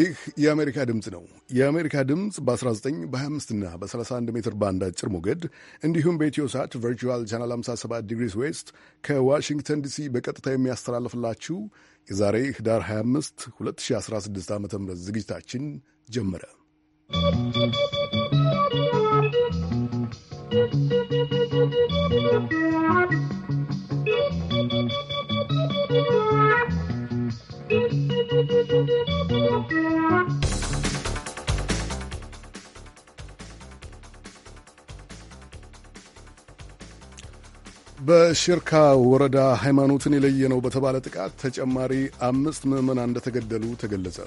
ይህ የአሜሪካ ድምፅ ነው። የአሜሪካ ድምፅ በ19 በ25 እና በ31 ሜትር ባንድ አጭር ሞገድ እንዲሁም በኢትዮ ሳት ቨርቹዋል ቻናል 57 ዲግሪስ ዌስት ከዋሽንግተን ዲሲ በቀጥታ የሚያስተላልፍላችሁ የዛሬ ህዳር 25 2016 ዓ ም ዝግጅታችን ጀመረ። ¶¶ በሽርካ ወረዳ ሃይማኖትን የለየ ነው በተባለ ጥቃት ተጨማሪ አምስት ምዕመናን እንደተገደሉ ተገለጸ።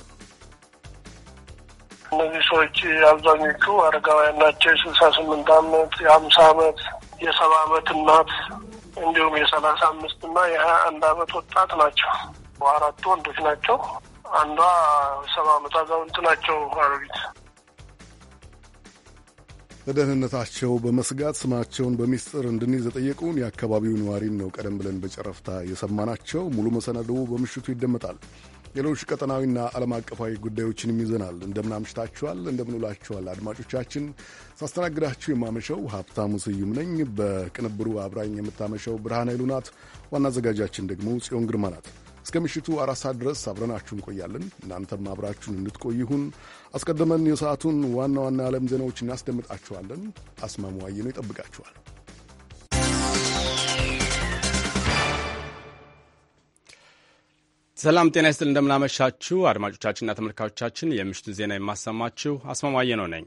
እነዚህ ሰዎች አብዛኞቹ አረጋውያን ናቸው። የስልሳ ስምንት ዓመት የሀምሳ ዓመት የሰባ ዓመት እናት እንዲሁም የሰላሳ አምስት እና የሀያ አንድ ዓመት ወጣት ናቸው። አራቱ ወንዶች ናቸው። አንዷ ሰባ አመት አዛውንት ናቸው አሮጊት። ለደህንነታቸው በመስጋት ስማቸውን በሚስጥር እንድንይዝ የጠየቁን የአካባቢው ነዋሪን ነው ቀደም ብለን በጨረፍታ የሰማናቸው። ሙሉ መሰናዶ በምሽቱ ይደመጣል። ሌሎች ቀጠናዊና ዓለም አቀፋዊ ጉዳዮችንም ይዘናል። እንደምናምሽታችኋል፣ እንደምንውላችኋል አድማጮቻችን። ሳስተናግዳችሁ የማመሸው ሀብታሙ ስዩም ነኝ። በቅንብሩ አብራኝ የምታመሸው ብርሃን ኃይሉ ናት። ዋና አዘጋጃችን ደግሞ ጽዮን ግርማ ናት። እስከ ምሽቱ አራት ሰዓት ድረስ አብረናችሁ እንቆያለን። እናንተም አብራችሁን እንድትቆይ ይሁን። አስቀድመን የሰዓቱን ዋና ዋና የዓለም ዜናዎች እናስደምጣችኋለን። አስማማዋዬ ነው ይጠብቃችኋል። ሰላም ጤና ይስጥል። እንደምናመሻችሁ አድማጮቻችንና ተመልካቾቻችን፣ የምሽቱን ዜና የማሰማችሁ አስማማየ ነው ነኝ።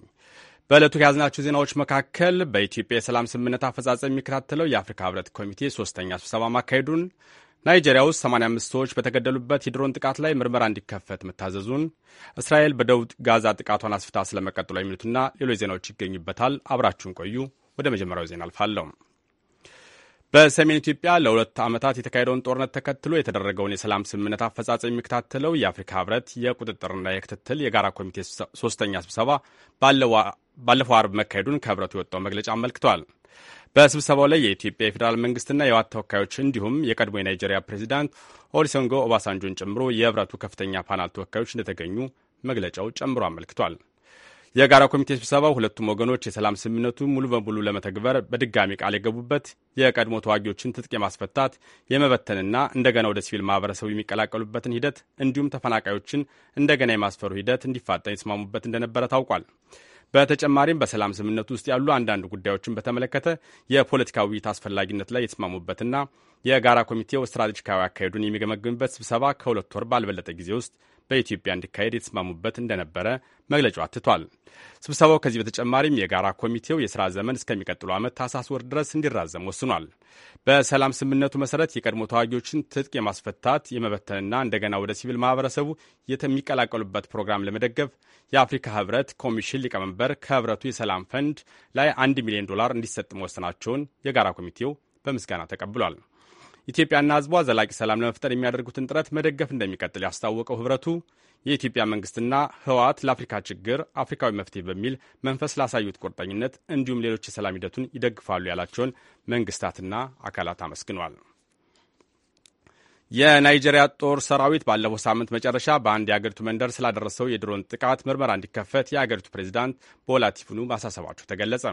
በዕለቱ ከያዝናችሁ ዜናዎች መካከል በኢትዮጵያ የሰላም ስምምነት አፈጻጸም የሚከታተለው የአፍሪካ ህብረት ኮሚቴ ሶስተኛ ስብሰባ ማካሄዱን፣ ናይጄሪያ ውስጥ 85 ሰዎች በተገደሉበት የድሮን ጥቃት ላይ ምርመራ እንዲከፈት መታዘዙን፣ እስራኤል በደቡብ ጋዛ ጥቃቷን አስፍታ ስለመቀጠሏ የሚሉትና ሌሎች ዜናዎች ይገኙበታል። አብራችሁን ቆዩ። ወደ መጀመሪያው ዜና አልፋለሁ። በሰሜን ኢትዮጵያ ለሁለት ዓመታት የተካሄደውን ጦርነት ተከትሎ የተደረገውን የሰላም ስምምነት አፈጻጸም የሚከታተለው የአፍሪካ ህብረት የቁጥጥርና የክትትል የጋራ ኮሚቴ ሶስተኛ ስብሰባ ባለፈው አርብ መካሄዱን ከህብረቱ የወጣው መግለጫ አመልክቷል። በስብሰባው ላይ የኢትዮጵያ የፌዴራል መንግስትና የዋት ተወካዮች እንዲሁም የቀድሞ የናይጄሪያ ፕሬዚዳንት ኦሊሰንጎ ኦባሳንጆን ጨምሮ የህብረቱ ከፍተኛ ፓናል ተወካዮች እንደተገኙ መግለጫው ጨምሮ አመልክቷል። የጋራ ኮሚቴ ስብሰባው ሁለቱም ወገኖች የሰላም ስምምነቱ ሙሉ በሙሉ ለመተግበር በድጋሚ ቃል የገቡበት የቀድሞ ተዋጊዎችን ትጥቅ የማስፈታት የመበተንና እንደገና ወደ ሲቪል ማህበረሰቡ የሚቀላቀሉበትን ሂደት እንዲሁም ተፈናቃዮችን እንደገና የማስፈሩ ሂደት እንዲፋጠን የተስማሙበት እንደነበረ ታውቋል። በተጨማሪም በሰላም ስምምነቱ ውስጥ ያሉ አንዳንድ ጉዳዮችን በተመለከተ የፖለቲካ ውይይት አስፈላጊነት ላይ የተስማሙበትና የጋራ ኮሚቴው ስትራቴጂካዊ አካሄዱን የሚገመግምበት ስብሰባ ከሁለት ወር ባልበለጠ ጊዜ ውስጥ በኢትዮጵያ እንዲካሄድ የተስማሙበት እንደነበረ መግለጫው አትቷል። ስብሰባው ከዚህ በተጨማሪም የጋራ ኮሚቴው የሥራ ዘመን እስከሚቀጥሉ ዓመት ታህሳስ ወር ድረስ እንዲራዘም ወስኗል። በሰላም ስምምነቱ መሠረት የቀድሞ ተዋጊዎችን ትጥቅ የማስፈታት የመበተንና እንደገና ወደ ሲቪል ማኅበረሰቡ የሚቀላቀሉበት ፕሮግራም ለመደገፍ የአፍሪካ ህብረት ኮሚሽን ሊቀመንበር ከህብረቱ የሰላም ፈንድ ላይ አንድ ሚሊዮን ዶላር እንዲሰጥ መወሰናቸውን የጋራ ኮሚቴው በምስጋና ተቀብሏል። ኢትዮጵያና ህዝቧ ዘላቂ ሰላም ለመፍጠር የሚያደርጉትን ጥረት መደገፍ እንደሚቀጥል ያስታወቀው ህብረቱ የኢትዮጵያ መንግስትና ህወሓት ለአፍሪካ ችግር አፍሪካዊ መፍትሄ በሚል መንፈስ ላሳዩት ቁርጠኝነት እንዲሁም ሌሎች የሰላም ሂደቱን ይደግፋሉ ያላቸውን መንግስታትና አካላት አመስግኗል። የናይጄሪያ ጦር ሰራዊት ባለፈው ሳምንት መጨረሻ በአንድ የአገሪቱ መንደር ስላደረሰው የድሮን ጥቃት ምርመራ እንዲከፈት የአገሪቱ ፕሬዚዳንት ቦላ ቲኑቡ ማሳሰባቸው ተገለጸ።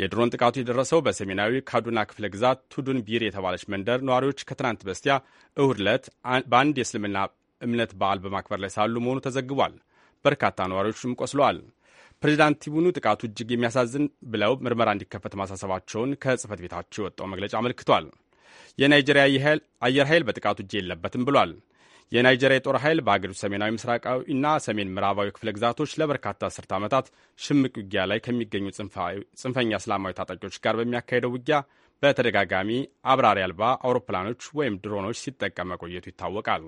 የድሮን ጥቃቱ የደረሰው በሰሜናዊ ካዱና ክፍለ ግዛት ቱዱን ቢር የተባለች መንደር ነዋሪዎች ከትናንት በስቲያ እሁድ ዕለት በአንድ የእስልምና እምነት በዓል በማክበር ላይ ሳሉ መሆኑ ተዘግቧል። በርካታ ነዋሪዎችም ቆስለዋል። ፕሬዚዳንት ቲቡኑ ጥቃቱ እጅግ የሚያሳዝን ብለው ምርመራ እንዲከፈት ማሳሰባቸውን ከጽህፈት ቤታቸው የወጣው መግለጫ አመልክቷል። የናይጄሪያ አየር ኃይል በጥቃቱ እጅ የለበትም ብሏል። የናይጄሪያ የጦር ኃይል በአገሪቱ ሰሜናዊ ምስራቃዊና ሰሜን ምዕራባዊ ክፍለ ግዛቶች ለበርካታ ስርት ዓመታት ሽምቅ ውጊያ ላይ ከሚገኙ ጽንፈኛ እስላማዊ ታጣቂዎች ጋር በሚያካሄደው ውጊያ በተደጋጋሚ አብራሪ አልባ አውሮፕላኖች ወይም ድሮኖች ሲጠቀም መቆየቱ ይታወቃል።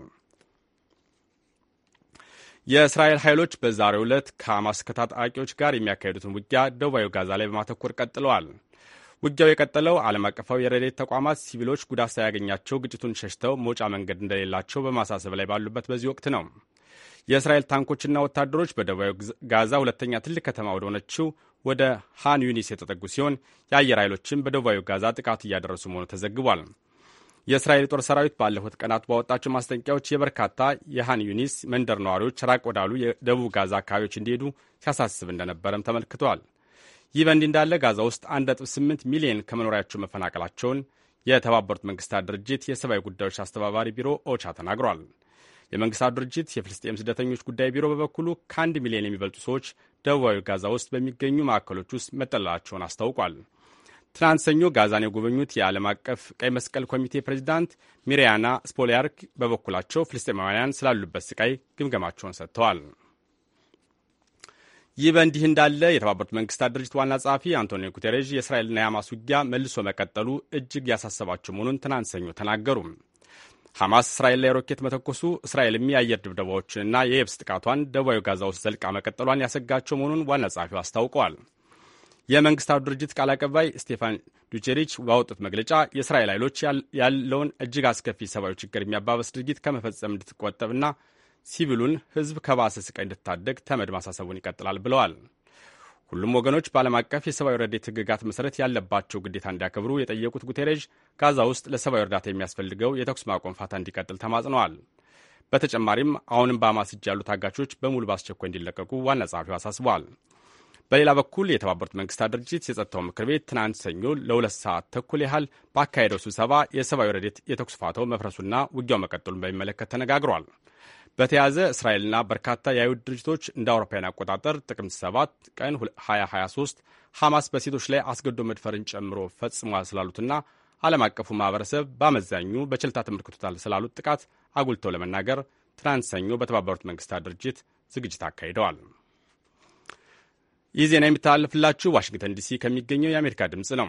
የእስራኤል ኃይሎች በዛሬው ዕለት ከሐማስ ከታጣቂዎች ጋር የሚያካሄዱትን ውጊያ ደቡባዊ ጋዛ ላይ በማተኮር ቀጥለዋል። ውጊያው የቀጠለው ዓለም አቀፋዊ የረድኤት ተቋማት ሲቪሎች ጉዳት ሳያገኛቸው ግጭቱን ሸሽተው መውጫ መንገድ እንደሌላቸው በማሳሰብ ላይ ባሉበት በዚህ ወቅት ነው። የእስራኤል ታንኮችና ወታደሮች በደቡባዊ ጋዛ ሁለተኛ ትልቅ ከተማ ወደ ሆነችው ወደ ሃን ዩኒስ የተጠጉ ሲሆን የአየር ኃይሎችም በደቡባዊ ጋዛ ጥቃት እያደረሱ መሆኑ ተዘግቧል። የእስራኤል ጦር ሰራዊት ባለፉት ቀናት ባወጣቸው ማስጠንቀቂያዎች የበርካታ የሃን ዩኒስ መንደር ነዋሪዎች ራቅ ወዳሉ የደቡብ ጋዛ አካባቢዎች እንዲሄዱ ሲያሳስብ እንደነበረም ተመልክተዋል። ይህ በእንዲህ እንዳለ ጋዛ ውስጥ 1.8 ሚሊዮን ከመኖሪያቸው መፈናቀላቸውን የተባበሩት መንግስታት ድርጅት የሰብአዊ ጉዳዮች አስተባባሪ ቢሮ ኦቻ ተናግሯል። የመንግስታት ድርጅት የፍልስጤም ስደተኞች ጉዳይ ቢሮ በበኩሉ ከአንድ ሚሊዮን የሚበልጡ ሰዎች ደቡባዊ ጋዛ ውስጥ በሚገኙ ማዕከሎች ውስጥ መጠለላቸውን አስታውቋል። ትናንት ሰኞ ጋዛን የጎበኙት የዓለም አቀፍ ቀይ መስቀል ኮሚቴ ፕሬዚዳንት ሚሪያና ስፖሊያርክ በበኩላቸው ፍልስጤማውያን ስላሉበት ስቃይ ግምገማቸውን ሰጥተዋል። ይህ በእንዲህ እንዳለ የተባበሩት መንግስታት ድርጅት ዋና ጸሐፊ አንቶኒዮ ጉቴሬዥ የእስራኤልና የሐማስ ውጊያ መልሶ መቀጠሉ እጅግ ያሳሰባቸው መሆኑን ትናንት ሰኞ ተናገሩ። ሐማስ እስራኤል ላይ ሮኬት መተኮሱ፣ እስራኤልም የአየር ድብደባዎችንና የየብስ ጥቃቷን ደቡባዊ ጋዛ ውስጥ ዘልቃ መቀጠሏን ያሰጋቸው መሆኑን ዋና ጸሐፊው አስታውቀዋል። የመንግስታቱ ድርጅት ቃል አቀባይ ስቴፋን ዱቼሪች ባወጡት መግለጫ የእስራኤል ኃይሎች ያለውን እጅግ አስከፊ ሰብአዊ ችግር የሚያባበስ ድርጊት ከመፈጸም እንድትቆጠብና ሲቪሉን ህዝብ ከባሰ ስቃይ እንድታደግ ተመድ ማሳሰቡን ይቀጥላል ብለዋል። ሁሉም ወገኖች በዓለም አቀፍ የሰብአዊ ረድኤት ሕግጋት መሠረት ያለባቸው ግዴታ እንዲያከብሩ የጠየቁት ጉቴሬዥ ጋዛ ውስጥ ለሰብአዊ እርዳታ የሚያስፈልገው የተኩስ ማቆም ፋታ እንዲቀጥል ተማጽነዋል። በተጨማሪም አሁንም በአማስ እጅ ያሉ ታጋቾች በሙሉ በአስቸኳይ እንዲለቀቁ ዋና ጸሐፊው አሳስበዋል። በሌላ በኩል የተባበሩት መንግስታት ድርጅት የጸጥታው ምክር ቤት ትናንት ሰኞ ለሁለት ሰዓት ተኩል ያህል ባካሄደው ስብሰባ የሰብአዊ ረድኤት የተኩስ ፋታው መፍረሱና ውጊያው መቀጠሉን በሚመለከት ተነጋግሯል። በተያያዘ እስራኤልና በርካታ የአይሁድ ድርጅቶች እንደ አውሮፓውያን አቆጣጠር ጥቅምት 7 ቀን 2023 ሐማስ በሴቶች ላይ አስገዶ መድፈርን ጨምሮ ፈጽሟል ስላሉትና ዓለም አቀፉ ማህበረሰብ በአመዛኙ በችልታ ተመልክቶታል ስላሉት ጥቃት አጉልተው ለመናገር ትናንት ሰኞ በተባበሩት መንግስታት ድርጅት ዝግጅት አካሂደዋል። ይህ ዜና የሚተላለፍላችሁ ዋሽንግተን ዲሲ ከሚገኘው የአሜሪካ ድምፅ ነው።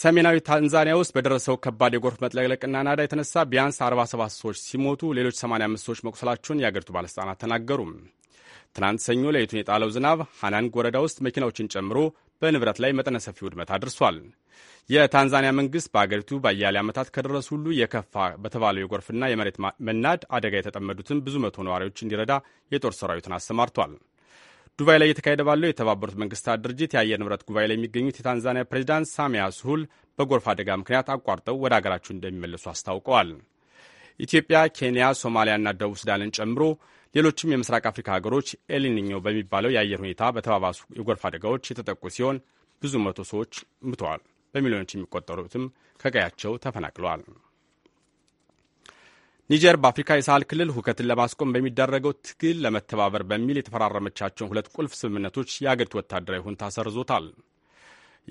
ሰሜናዊ ታንዛኒያ ውስጥ በደረሰው ከባድ የጎርፍ መጥለቅለቅና ናዳ የተነሳ ቢያንስ 47 ሰዎች ሲሞቱ ሌሎች 85 ሰዎች መቁሰላቸውን የአገሪቱ ባለሥልጣናት ተናገሩ። ትናንት ሰኞ ለይቱን የጣለው ዝናብ ሃናንግ ወረዳ ውስጥ መኪናዎችን ጨምሮ በንብረት ላይ መጠነ ሰፊ ውድመት አድርሷል። የታንዛኒያ መንግሥት በአገሪቱ በአያሌ ዓመታት ከደረሱ ሁሉ የከፋ በተባለው የጎርፍና የመሬት መናድ አደጋ የተጠመዱትን ብዙ መቶ ነዋሪዎች እንዲረዳ የጦር ሰራዊትን አሰማርቷል። ዱባይ ላይ እየተካሄደ ባለው የተባበሩት መንግስታት ድርጅት የአየር ንብረት ጉባኤ ላይ የሚገኙት የታንዛኒያ ፕሬዚዳንት ሳሚያ ስሁል በጎርፍ አደጋ ምክንያት አቋርጠው ወደ አገራቸው እንደሚመለሱ አስታውቀዋል። ኢትዮጵያ፣ ኬንያ፣ ሶማሊያና ደቡብ ሱዳንን ጨምሮ ሌሎችም የምስራቅ አፍሪካ ሀገሮች ኤልኒኞ በሚባለው የአየር ሁኔታ በተባባሱ የጎርፍ አደጋዎች የተጠቁ ሲሆን ብዙ መቶ ሰዎች ምተዋል። በሚሊዮኖች የሚቆጠሩትም ከቀያቸው ተፈናቅለዋል። ኒጀር በአፍሪካ የሳህል ክልል ሁከትን ለማስቆም በሚደረገው ትግል ለመተባበር በሚል የተፈራረመቻቸውን ሁለት ቁልፍ ስምምነቶች የአገሪቱ ወታደራዊ ሁንታ ሰርዞታል።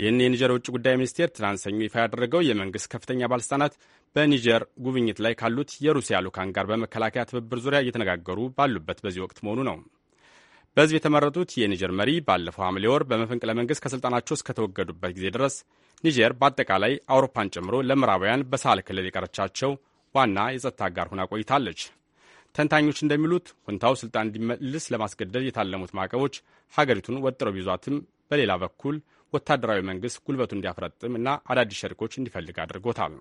ይህን የኒጀር ውጭ ጉዳይ ሚኒስቴር ትናንት ሰኞ ይፋ ያደረገው የመንግሥት ከፍተኛ ባለሥልጣናት በኒጀር ጉብኝት ላይ ካሉት የሩሲያ ልዑካን ጋር በመከላከያ ትብብር ዙሪያ እየተነጋገሩ ባሉበት በዚህ ወቅት መሆኑ ነው። በሕዝብ የተመረጡት የኒጀር መሪ ባለፈው ሐምሌ ወር በመፈንቅለ መንግሥት ከሥልጣናቸው እስከተወገዱበት ጊዜ ድረስ ኒጀር በአጠቃላይ አውሮፓን ጨምሮ ለምዕራባውያን በሳህል ክልል የቀረቻቸው ዋና የጸጥታ አጋር ሆና ቆይታለች። ተንታኞች እንደሚሉት ሁንታው ስልጣን እንዲመልስ ለማስገደድ የታለሙት ማዕቀቦች ሀገሪቱን ወጥረው ቢዟትም በሌላ በኩል ወታደራዊ መንግስት ጉልበቱን እንዲያፈረጥም እና አዳዲስ ሸሪኮች እንዲፈልግ አድርጎታል።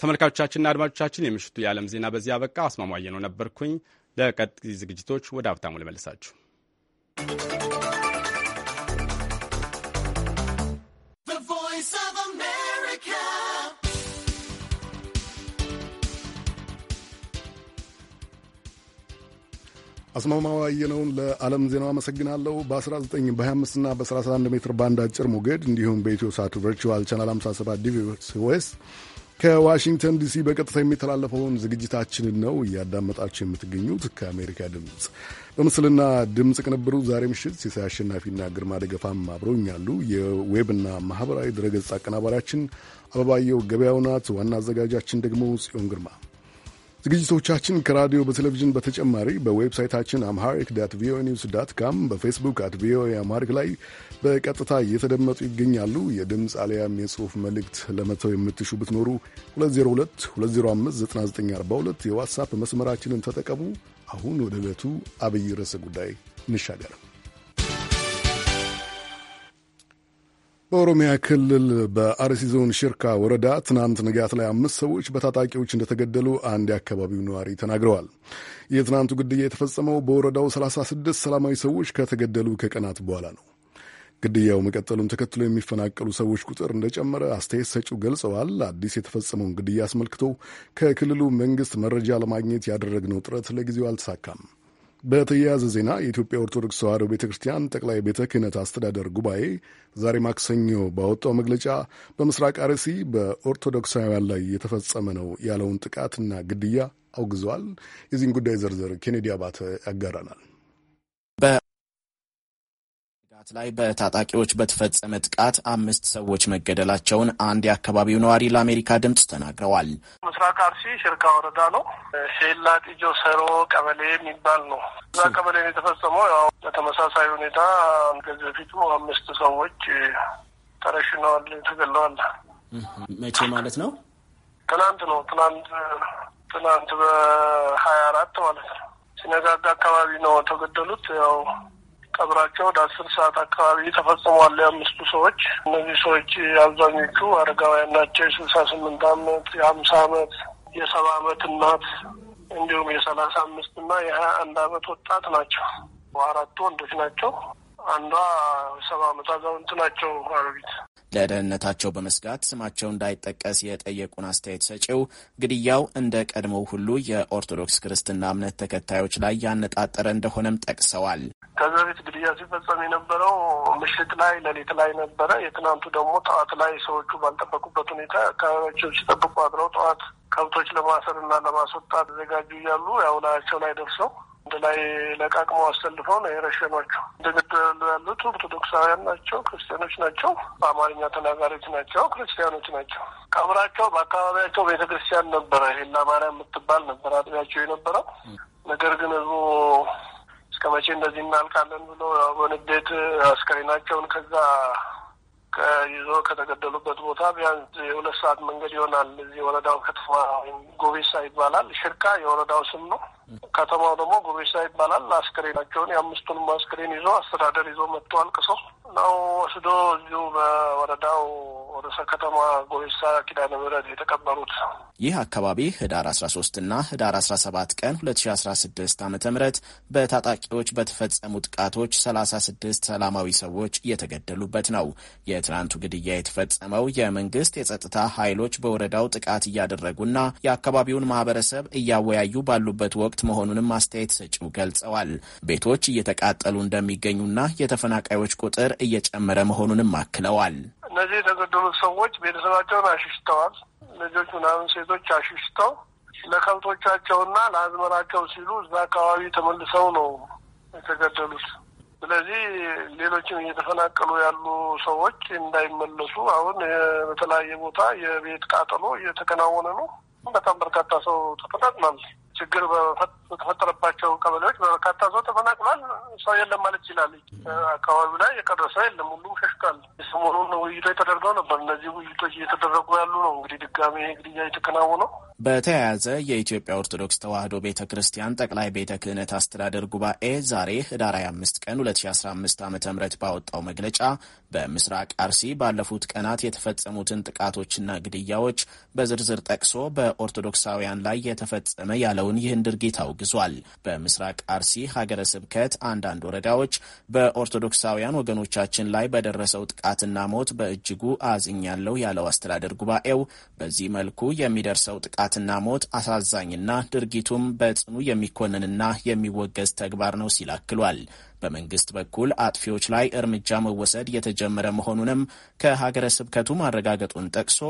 ተመልካቾቻችንና አድማጮቻችን የምሽቱ የዓለም ዜና በዚህ አበቃ። አስማማየ ነው ነበርኩኝ። ለቀጥ ዝግጅቶች ወደ ሀብታሙ ልመልሳችሁ። አስማማው አየነውን ለዓለም ዜናው አመሰግናለሁ። በ19 በ25ና በ31 ሜትር ባንድ አጭር ሞገድ እንዲሁም በኢትዮ ሳት ቨርቹዋል ቻናል 57 ዲቪ ዌስት ከዋሽንግተን ዲሲ በቀጥታ የሚተላለፈውን ዝግጅታችንን ነው እያዳመጣችሁ የምትገኙት። ከአሜሪካ ድምፅ በምስልና ድምፅ ቅንብሩ ዛሬ ምሽት ሲሳይ አሸናፊና ግርማ ደገፋም አብረውኛሉ። የዌብና ማህበራዊ ድረገጽ አቀናባሪያችን አበባየው ገበያው ናት። ዋና አዘጋጃችን ደግሞ ጽዮን ግርማ ዝግጅቶቻችን ከራዲዮ በቴሌቪዥን በተጨማሪ በዌብሳይታችን አምሃሪክ ዳት ቪኦኤ ኒውስ ዳት ካም፣ በፌስቡክ አት ቪኦኤ አምሃሪክ ላይ በቀጥታ እየተደመጡ ይገኛሉ። የድምፅ አሊያም የጽሑፍ መልእክት ለመተው የምትሹ ብትኖሩ 2022059942 የዋትሳፕ መስመራችንን ተጠቀሙ። አሁን ወደ ዕለቱ አብይ ርዕሰ ጉዳይ እንሻገር። በኦሮሚያ ክልል በአርሲ ዞን ሽርካ ወረዳ ትናንት ንጋት ላይ አምስት ሰዎች በታጣቂዎች እንደተገደሉ አንድ የአካባቢው ነዋሪ ተናግረዋል። የትናንቱ ግድያ የተፈጸመው በወረዳው 36 ሰላማዊ ሰዎች ከተገደሉ ከቀናት በኋላ ነው። ግድያው መቀጠሉን ተከትሎ የሚፈናቀሉ ሰዎች ቁጥር እንደጨመረ አስተያየት ሰጪው ገልጸዋል። አዲስ የተፈጸመውን ግድያ አስመልክቶ ከክልሉ መንግሥት መረጃ ለማግኘት ያደረግነው ጥረት ለጊዜው አልተሳካም። በተያያዘ ዜና የኢትዮጵያ ኦርቶዶክስ ተዋሕዶ ቤተ ክርስቲያን ጠቅላይ ቤተ ክህነት አስተዳደር ጉባኤ ዛሬ ማክሰኞ ባወጣው መግለጫ በምስራቅ አርሲ በኦርቶዶክሳውያን ላይ የተፈጸመ ነው ያለውን ጥቃትና ግድያ አውግዘዋል። የዚህን ጉዳይ ዝርዝር ኬኔዲ አባተ ያጋራናል። ሰዓት ላይ በታጣቂዎች በተፈጸመ ጥቃት አምስት ሰዎች መገደላቸውን አንድ የአካባቢው ነዋሪ ለአሜሪካ ድምፅ ተናግረዋል። ምስራቅ አርሲ ሽርካ ወረዳ ነው። ሼላ ጢጆ ሰሮ ቀበሌ የሚባል ነው። እዛ ቀበሌ የተፈጸመው። ያው በተመሳሳይ ሁኔታ ከዚህ በፊቱ አምስት ሰዎች ተረሽነዋል፣ ተገለዋል። መቼ ማለት ነው? ትናንት ነው። ትናንት ትናንት በሀያ አራት ማለት ነው ሲነጋጋ አካባቢ ነው ተገደሉት ያው ቀብራቸው ወደ አስር ሰዓት አካባቢ ተፈጽሟል። የአምስቱ ሰዎች እነዚህ ሰዎች አብዛኞቹ አረጋውያን ናቸው። የስልሳ ስምንት አመት የሀምሳ አመት የሰባ አመት እናት እንዲሁም የሰላሳ አምስት እና የሀያ አንድ አመት ወጣት ናቸው። አራቱ ወንዶች ናቸው። አንዷ ሰባ አመት አዛውንት ናቸው አረቢት ለደህንነታቸው በመስጋት ስማቸው እንዳይጠቀስ የጠየቁን አስተያየት ሰጪው ግድያው እንደ ቀድሞው ሁሉ የኦርቶዶክስ ክርስትና እምነት ተከታዮች ላይ ያነጣጠረ እንደሆነም ጠቅሰዋል። ከዚ በፊት ግድያ ሲፈጸም የነበረው ምሽት ላይ ሌሊት ላይ ነበረ። የትናንቱ ደግሞ ጠዋት ላይ ሰዎቹ ባልጠበቁበት ሁኔታ አካባቢያቸው ሲጠብቁ አድረው ጠዋት ከብቶች ለማሰር እና ለማስወጣት ተዘጋጁ እያሉ ያው ላያቸው ላይ ደርሰው እንደ ላይ ለቃቅመው አሰልፈው ነው የረሸኗቸው። እንደገደሉ ያሉት ኦርቶዶክሳውያን ናቸው፣ ክርስቲያኖች ናቸው፣ በአማርኛ ተናጋሪዎች ናቸው፣ ክርስቲያኖች ናቸው። ቀብራቸው በአካባቢያቸው ቤተ ክርስቲያን ነበረ፣ ሄላ ማርያም የምትባል ነበር አጥቢያቸው የነበረው ነገር ግን ህዝቡ እስከ መቼ እንደዚህ እናልካለን ብሎ በንዴት አስከሬናቸውን ከዛ ይዞ ከተገደሉበት ቦታ ቢያንስ የሁለት ሰዓት መንገድ ይሆናል። እዚህ ወረዳው ከተማ ጎቤሳ ይባላል። ሽርካ የወረዳው ስም ነው። ከተማው ደግሞ ጎቤሳ ይባላል። አስክሬናቸውን የአምስቱንም አስክሬን ይዞ አስተዳደር ይዞ መጥቶ አልቅሰው ነው ወስዶ እዚሁ በወረዳው ርዕሰ ከተማ ጎሳ ኪዳነ ምሕረት የተቀበሩት። ይህ አካባቢ ህዳር 13 እና ህዳር 17 ቀን 2016 ዓ ም በታጣቂዎች በተፈጸሙ ጥቃቶች 36 ሰላማዊ ሰዎች እየተገደሉበት ነው። የትናንቱ ግድያ የተፈጸመው የመንግስት የጸጥታ ኃይሎች በወረዳው ጥቃት እያደረጉና የአካባቢውን ማህበረሰብ እያወያዩ ባሉበት ወቅት መሆኑንም አስተያየት ሰጪው ገልጸዋል። ቤቶች እየተቃጠሉ እንደሚገኙና የተፈናቃዮች ቁጥር እየጨመረ መሆኑንም አክለዋል። እነዚህ የተገደሉት ሰዎች ቤተሰባቸውን አሽሽተዋል። ልጆች ምናምን ሴቶች አሽሽተው ለከብቶቻቸውና ለአዝመራቸው ሲሉ እዛ አካባቢ ተመልሰው ነው የተገደሉት። ስለዚህ ሌሎችም እየተፈናቀሉ ያሉ ሰዎች እንዳይመለሱ አሁን በተለያየ ቦታ የቤት ቃጠሎ እየተከናወነ ነው። በጣም በርካታ ሰው ተፈናቅሏል። ችግር በተፈጠረባቸው ቀበሌዎች በበርካታ ሰው ተፈናቅሏል። ሰው የለም ማለት ይችላል። አካባቢው ላይ የቀረ ሰው የለም፣ ሁሉም ሸሽቷል። የሰሞኑን ውይይቶች ተደርገው ነበር። እነዚህ ውይይቶች እየተደረጉ ያሉ ነው። እንግዲህ ድጋሜ ግድያ የተከናወነው በተያያዘ የኢትዮጵያ ኦርቶዶክስ ተዋሕዶ ቤተ ክርስቲያን ጠቅላይ ቤተ ክህነት አስተዳደር ጉባኤ ዛሬ ህዳር 25 ቀን 2015 ዓ ም ባወጣው መግለጫ በምስራቅ አርሲ ባለፉት ቀናት የተፈጸሙትን ጥቃቶችና ግድያዎች በዝርዝር ጠቅሶ በኦርቶዶክሳውያን ላይ የተፈጸመ ያለው ያለውን ይህን ድርጊት አውግዟል። በምስራቅ አርሲ ሀገረ ስብከት አንዳንድ ወረዳዎች በኦርቶዶክሳውያን ወገኖቻችን ላይ በደረሰው ጥቃትና ሞት በእጅጉ አዝኛለሁ ያለው አስተዳደር ጉባኤው በዚህ መልኩ የሚደርሰው ጥቃትና ሞት አሳዛኝና ድርጊቱም በጽኑ የሚኮንንና የሚወገዝ ተግባር ነው ሲል አክሏል። በመንግስት በኩል አጥፊዎች ላይ እርምጃ መወሰድ የተጀመረ መሆኑንም ከሀገረ ስብከቱ ማረጋገጡን ጠቅሶ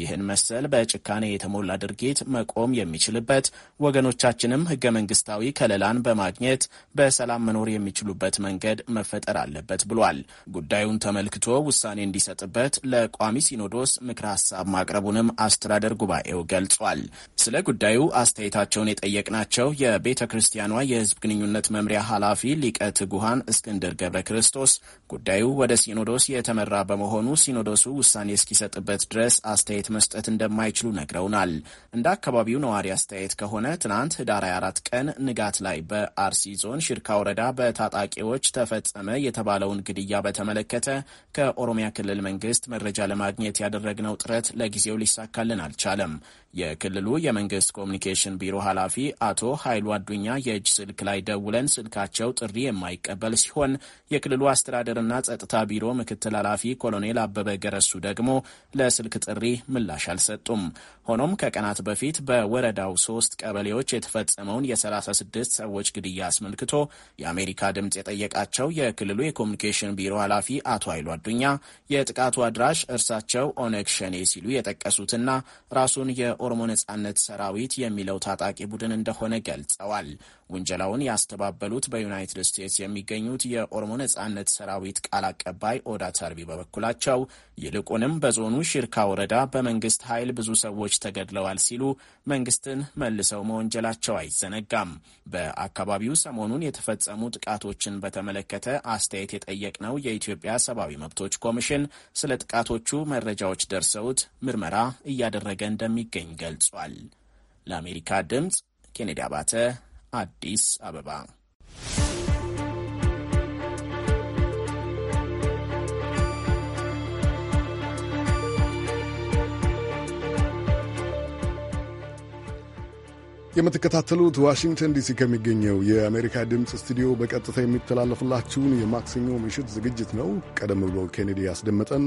ይህን መሰል በጭካኔ የተሞላ ድርጊት መቆም የሚችልበት ወገኖቻችንም ህገ መንግስታዊ ከለላን በማግኘት በሰላም መኖር የሚችሉበት መንገድ መፈጠር አለበት ብሏል። ጉዳዩን ተመልክቶ ውሳኔ እንዲሰጥበት ለቋሚ ሲኖዶስ ምክረ ሀሳብ ማቅረቡንም አስተዳደር ጉባኤው ገልጿል። ስለ ጉዳዩ አስተያየታቸውን የጠየቅናቸው የቤተ ክርስቲያኗ የህዝብ ግንኙነት መምሪያ ኃላፊ ሊቀት ትጉሃን እስክንድር ገብረ ክርስቶስ ጉዳዩ ወደ ሲኖዶስ የተመራ በመሆኑ ሲኖዶሱ ውሳኔ እስኪሰጥበት ድረስ አስተያየት መስጠት እንደማይችሉ ነግረውናል። እንደ አካባቢው ነዋሪ አስተያየት ከሆነ ትናንት ህዳር 24 ቀን ንጋት ላይ በአርሲ ዞን ሽርካ ወረዳ በታጣቂዎች ተፈጸመ የተባለውን ግድያ በተመለከተ ከኦሮሚያ ክልል መንግስት መረጃ ለማግኘት ያደረግነው ጥረት ለጊዜው ሊሳካልን አልቻለም። የክልሉ የመንግስት ኮሚኒኬሽን ቢሮ ኃላፊ አቶ ኃይሉ አዱኛ የእጅ ስልክ ላይ ደውለን ስልካቸው ጥሪ የማይቀበል ሲሆን የክልሉ አስተዳደር ፍትህና ጸጥታ ቢሮ ምክትል ኃላፊ ኮሎኔል አበበ ገረሱ ደግሞ ለስልክ ጥሪ ምላሽ አልሰጡም። ሆኖም ከቀናት በፊት በወረዳው ሶስት ቀበሌዎች የተፈጸመውን የ36 ሰዎች ግድያ አስመልክቶ የአሜሪካ ድምፅ የጠየቃቸው የክልሉ የኮሚኒኬሽን ቢሮ ኃላፊ አቶ ኃይሉ አዱኛ የጥቃቱ አድራሽ እርሳቸው ኦነግ ሸኔ ሲሉ የጠቀሱትና ራሱን የኦሮሞ ነጻነት ሰራዊት የሚለው ታጣቂ ቡድን እንደሆነ ገልጸዋል። ውንጀላውን ያስተባበሉት በዩናይትድ ስቴትስ የሚገኙት የኦሮሞ ነጻነት ሰራዊት ቃል አቀባይ ኦዳ ተርቢ በበኩላቸው ይልቁንም በዞኑ ሽርካ ወረዳ በመንግስት ኃይል ብዙ ሰዎች ተገድለዋል ሲሉ መንግስትን መልሰው መወንጀላቸው አይዘነጋም። በአካባቢው ሰሞኑን የተፈጸሙ ጥቃቶችን በተመለከተ አስተያየት የጠየቅነው የኢትዮጵያ ሰብአዊ መብቶች ኮሚሽን ስለ ጥቃቶቹ መረጃዎች ደርሰውት ምርመራ እያደረገ እንደሚገኝ ገልጿል። ለአሜሪካ ድምጽ ኬኔዲ አባተ አዲስ አበባ። የምትከታተሉት ዋሽንግተን ዲሲ ከሚገኘው የአሜሪካ ድምፅ ስቱዲዮ በቀጥታ የሚተላለፍላችሁን የማክሰኞ ምሽት ዝግጅት ነው። ቀደም ብሎ ኬኔዲ ያስደመጠን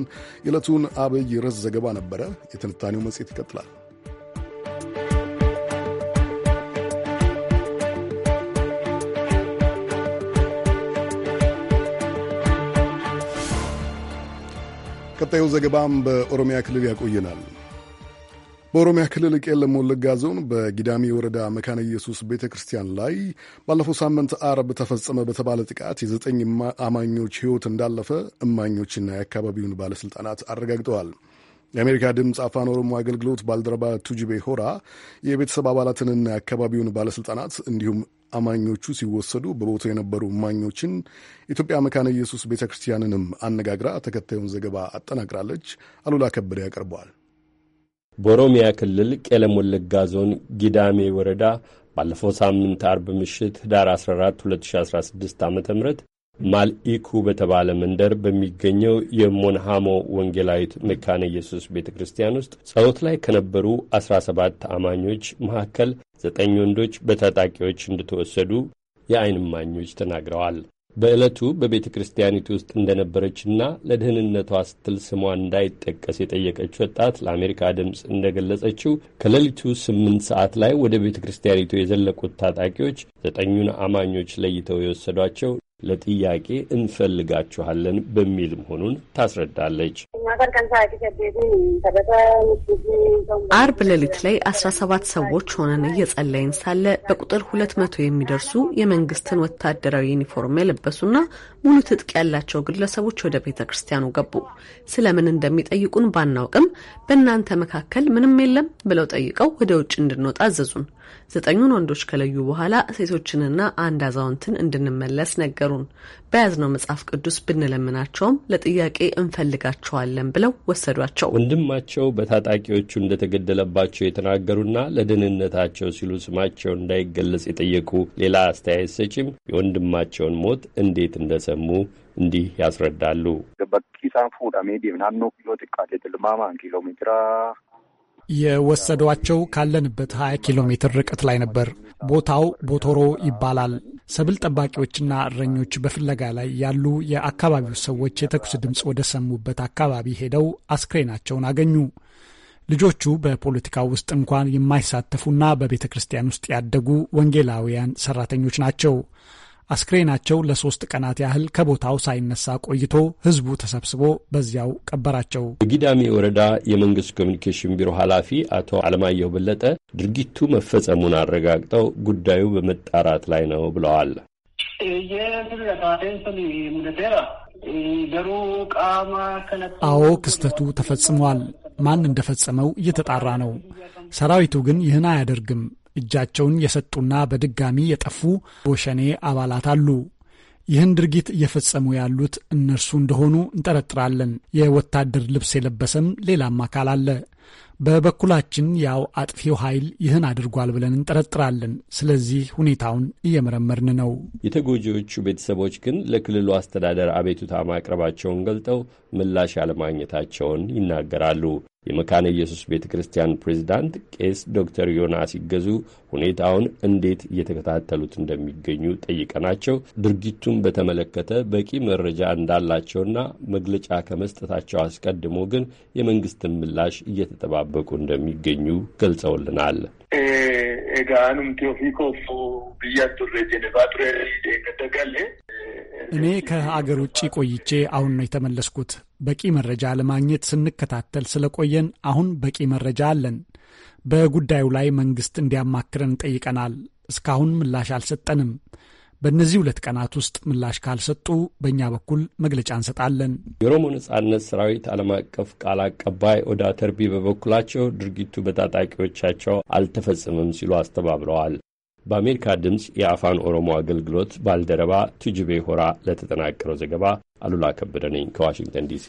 የዕለቱን አብይ ርዕስ ዘገባ ነበረ። የትንታኔው መጽሔት ይቀጥላል። ቀጣዩ ዘገባም በኦሮሚያ ክልል ያቆየናል። በኦሮሚያ ክልል ቄለም ወለጋ ዞን በጊዳሚ ወረዳ መካነ ኢየሱስ ቤተ ክርስቲያን ላይ ባለፈው ሳምንት አርብ ተፈጸመ በተባለ ጥቃት የዘጠኝ አማኞች ሕይወት እንዳለፈ እማኞችና የአካባቢውን ባለሥልጣናት አረጋግጠዋል። የአሜሪካ ድምፅ አፋን ኦሮሞ አገልግሎት ባልደረባ ቱጅቤ ሆራ የቤተሰብ አባላትንና የአካባቢውን ባለስልጣናት እንዲሁም አማኞቹ ሲወሰዱ በቦታው የነበሩ እማኞችን ኢትዮጵያ መካነ ኢየሱስ ቤተ ክርስቲያንንም አነጋግራ ተከታዩን ዘገባ አጠናቅራለች። አሉላ ከበደ ያቀርበዋል። በኦሮሚያ ክልል ቄለም ወለጋ ዞን ጊዳሜ ወረዳ ባለፈው ሳምንት አርብ ምሽት ህዳር 14 2016 ዓ ም ማልኢኩ በተባለ መንደር በሚገኘው የሞንሃሞ ወንጌላዊት መካነ ኢየሱስ ቤተ ክርስቲያን ውስጥ ጸሎት ላይ ከነበሩ አስራ ሰባት አማኞች መካከል ዘጠኝ ወንዶች በታጣቂዎች እንደተወሰዱ የዓይን እማኞች ተናግረዋል። በዕለቱ በቤተ ክርስቲያኒቱ ውስጥ እንደነበረችና ለደህንነቷ ስትል ስሟ እንዳይጠቀስ የጠየቀች ወጣት ለአሜሪካ ድምፅ እንደገለጸችው ከሌሊቱ ስምንት ሰዓት ላይ ወደ ቤተ ክርስቲያኒቱ የዘለቁት ታጣቂዎች ዘጠኙን አማኞች ለይተው የወሰዷቸው ለጥያቄ እንፈልጋችኋለን በሚል መሆኑን ታስረዳለች። አርብ ሌሊት ላይ አስራ ሰባት ሰዎች ሆነን እየጸለይን ሳለ በቁጥር ሁለት መቶ የሚደርሱ የመንግስትን ወታደራዊ ዩኒፎርም የለበሱና ሙሉ ትጥቅ ያላቸው ግለሰቦች ወደ ቤተ ክርስቲያኑ ገቡ። ስለምን እንደሚጠይቁን ባናውቅም በእናንተ መካከል ምንም የለም ብለው ጠይቀው ወደ ውጭ እንድንወጣ አዘዙን። ዘጠኙን ወንዶች ከለዩ በኋላ ሴቶችንና አንድ አዛውንትን እንድንመለስ ነገሩን። በያዝነው መጽሐፍ ቅዱስ ብንለምናቸውም ለጥያቄ እንፈልጋቸዋለን ብለው ወሰዷቸው። ወንድማቸው በታጣቂዎቹ እንደተገደለባቸው የተናገሩና ለደህንነታቸው ሲሉ ስማቸው እንዳይገለጽ የጠየቁ ሌላ አስተያየት ሰጪም የወንድማቸውን ሞት እንዴት እንደሰሙ እንዲህ ያስረዳሉ። የወሰዷቸው ካለንበት 20 ኪሎ ሜትር ርቀት ላይ ነበር። ቦታው ቦቶሮ ይባላል። ሰብል ጠባቂዎችና እረኞች በፍለጋ ላይ ያሉ የአካባቢው ሰዎች የተኩስ ድምፅ ወደ ሰሙበት አካባቢ ሄደው አስክሬናቸውን አገኙ። ልጆቹ በፖለቲካ ውስጥ እንኳን የማይሳተፉና በቤተ ክርስቲያን ውስጥ ያደጉ ወንጌላውያን ሰራተኞች ናቸው። አስክሬናቸው ለሶስት ቀናት ያህል ከቦታው ሳይነሳ ቆይቶ ህዝቡ ተሰብስቦ በዚያው ቀበራቸው። የጊዳሜ ወረዳ የመንግስት ኮሚኒኬሽን ቢሮ ኃላፊ አቶ አለማየሁ በለጠ ድርጊቱ መፈጸሙን አረጋግጠው ጉዳዩ በመጣራት ላይ ነው ብለዋል። አዎ ክስተቱ ተፈጽሟል። ማን እንደፈጸመው እየተጣራ ነው። ሰራዊቱ ግን ይህን አያደርግም። እጃቸውን የሰጡና በድጋሚ የጠፉ ቦሸኔ አባላት አሉ። ይህን ድርጊት እየፈጸሙ ያሉት እነርሱ እንደሆኑ እንጠረጥራለን። የወታደር ልብስ የለበሰም ሌላም አካል አለ። በበኩላችን ያው አጥፊው ኃይል ይህን አድርጓል ብለን እንጠረጥራለን። ስለዚህ ሁኔታውን እየመረመርን ነው። የተጎጂዎቹ ቤተሰቦች ግን ለክልሉ አስተዳደር አቤቱታ ማቅረባቸውን ገልጠው ምላሽ ያለማግኘታቸውን ይናገራሉ። የመካነ ኢየሱስ ቤተ ክርስቲያን ፕሬዚዳንት ቄስ ዶክተር ዮና ሲገዙ ሁኔታውን እንዴት እየተከታተሉት እንደሚገኙ ጠይቀናቸው ድርጊቱን በተመለከተ በቂ መረጃ እንዳላቸውና መግለጫ ከመስጠታቸው አስቀድሞ ግን የመንግስትን ምላሽ እየተጠባበቁ እንደሚገኙ ገልጸውልናል። egaa numti ofii koofu biyya turre እኔ ከሀገር ውጭ ቆይቼ አሁን ነው የተመለስኩት። በቂ መረጃ ለማግኘት ስንከታተል ስለቆየን አሁን በቂ መረጃ አለን። በጉዳዩ ላይ መንግስት እንዲያማክረን ጠይቀናል። እስካሁን ምላሽ አልሰጠንም። በእነዚህ ሁለት ቀናት ውስጥ ምላሽ ካልሰጡ በእኛ በኩል መግለጫ እንሰጣለን። የኦሮሞ ነጻነት ሰራዊት ዓለም አቀፍ ቃል አቀባይ ኦዳ ተርቢ በበኩላቸው ድርጊቱ በታጣቂዎቻቸው አልተፈጸመም ሲሉ አስተባብለዋል። በአሜሪካ ድምፅ የአፋን ኦሮሞ አገልግሎት ባልደረባ ቱጅቤ ሆራ ለተጠናቀረው ዘገባ አሉላ ከበደ ነኝ ከዋሽንግተን ዲሲ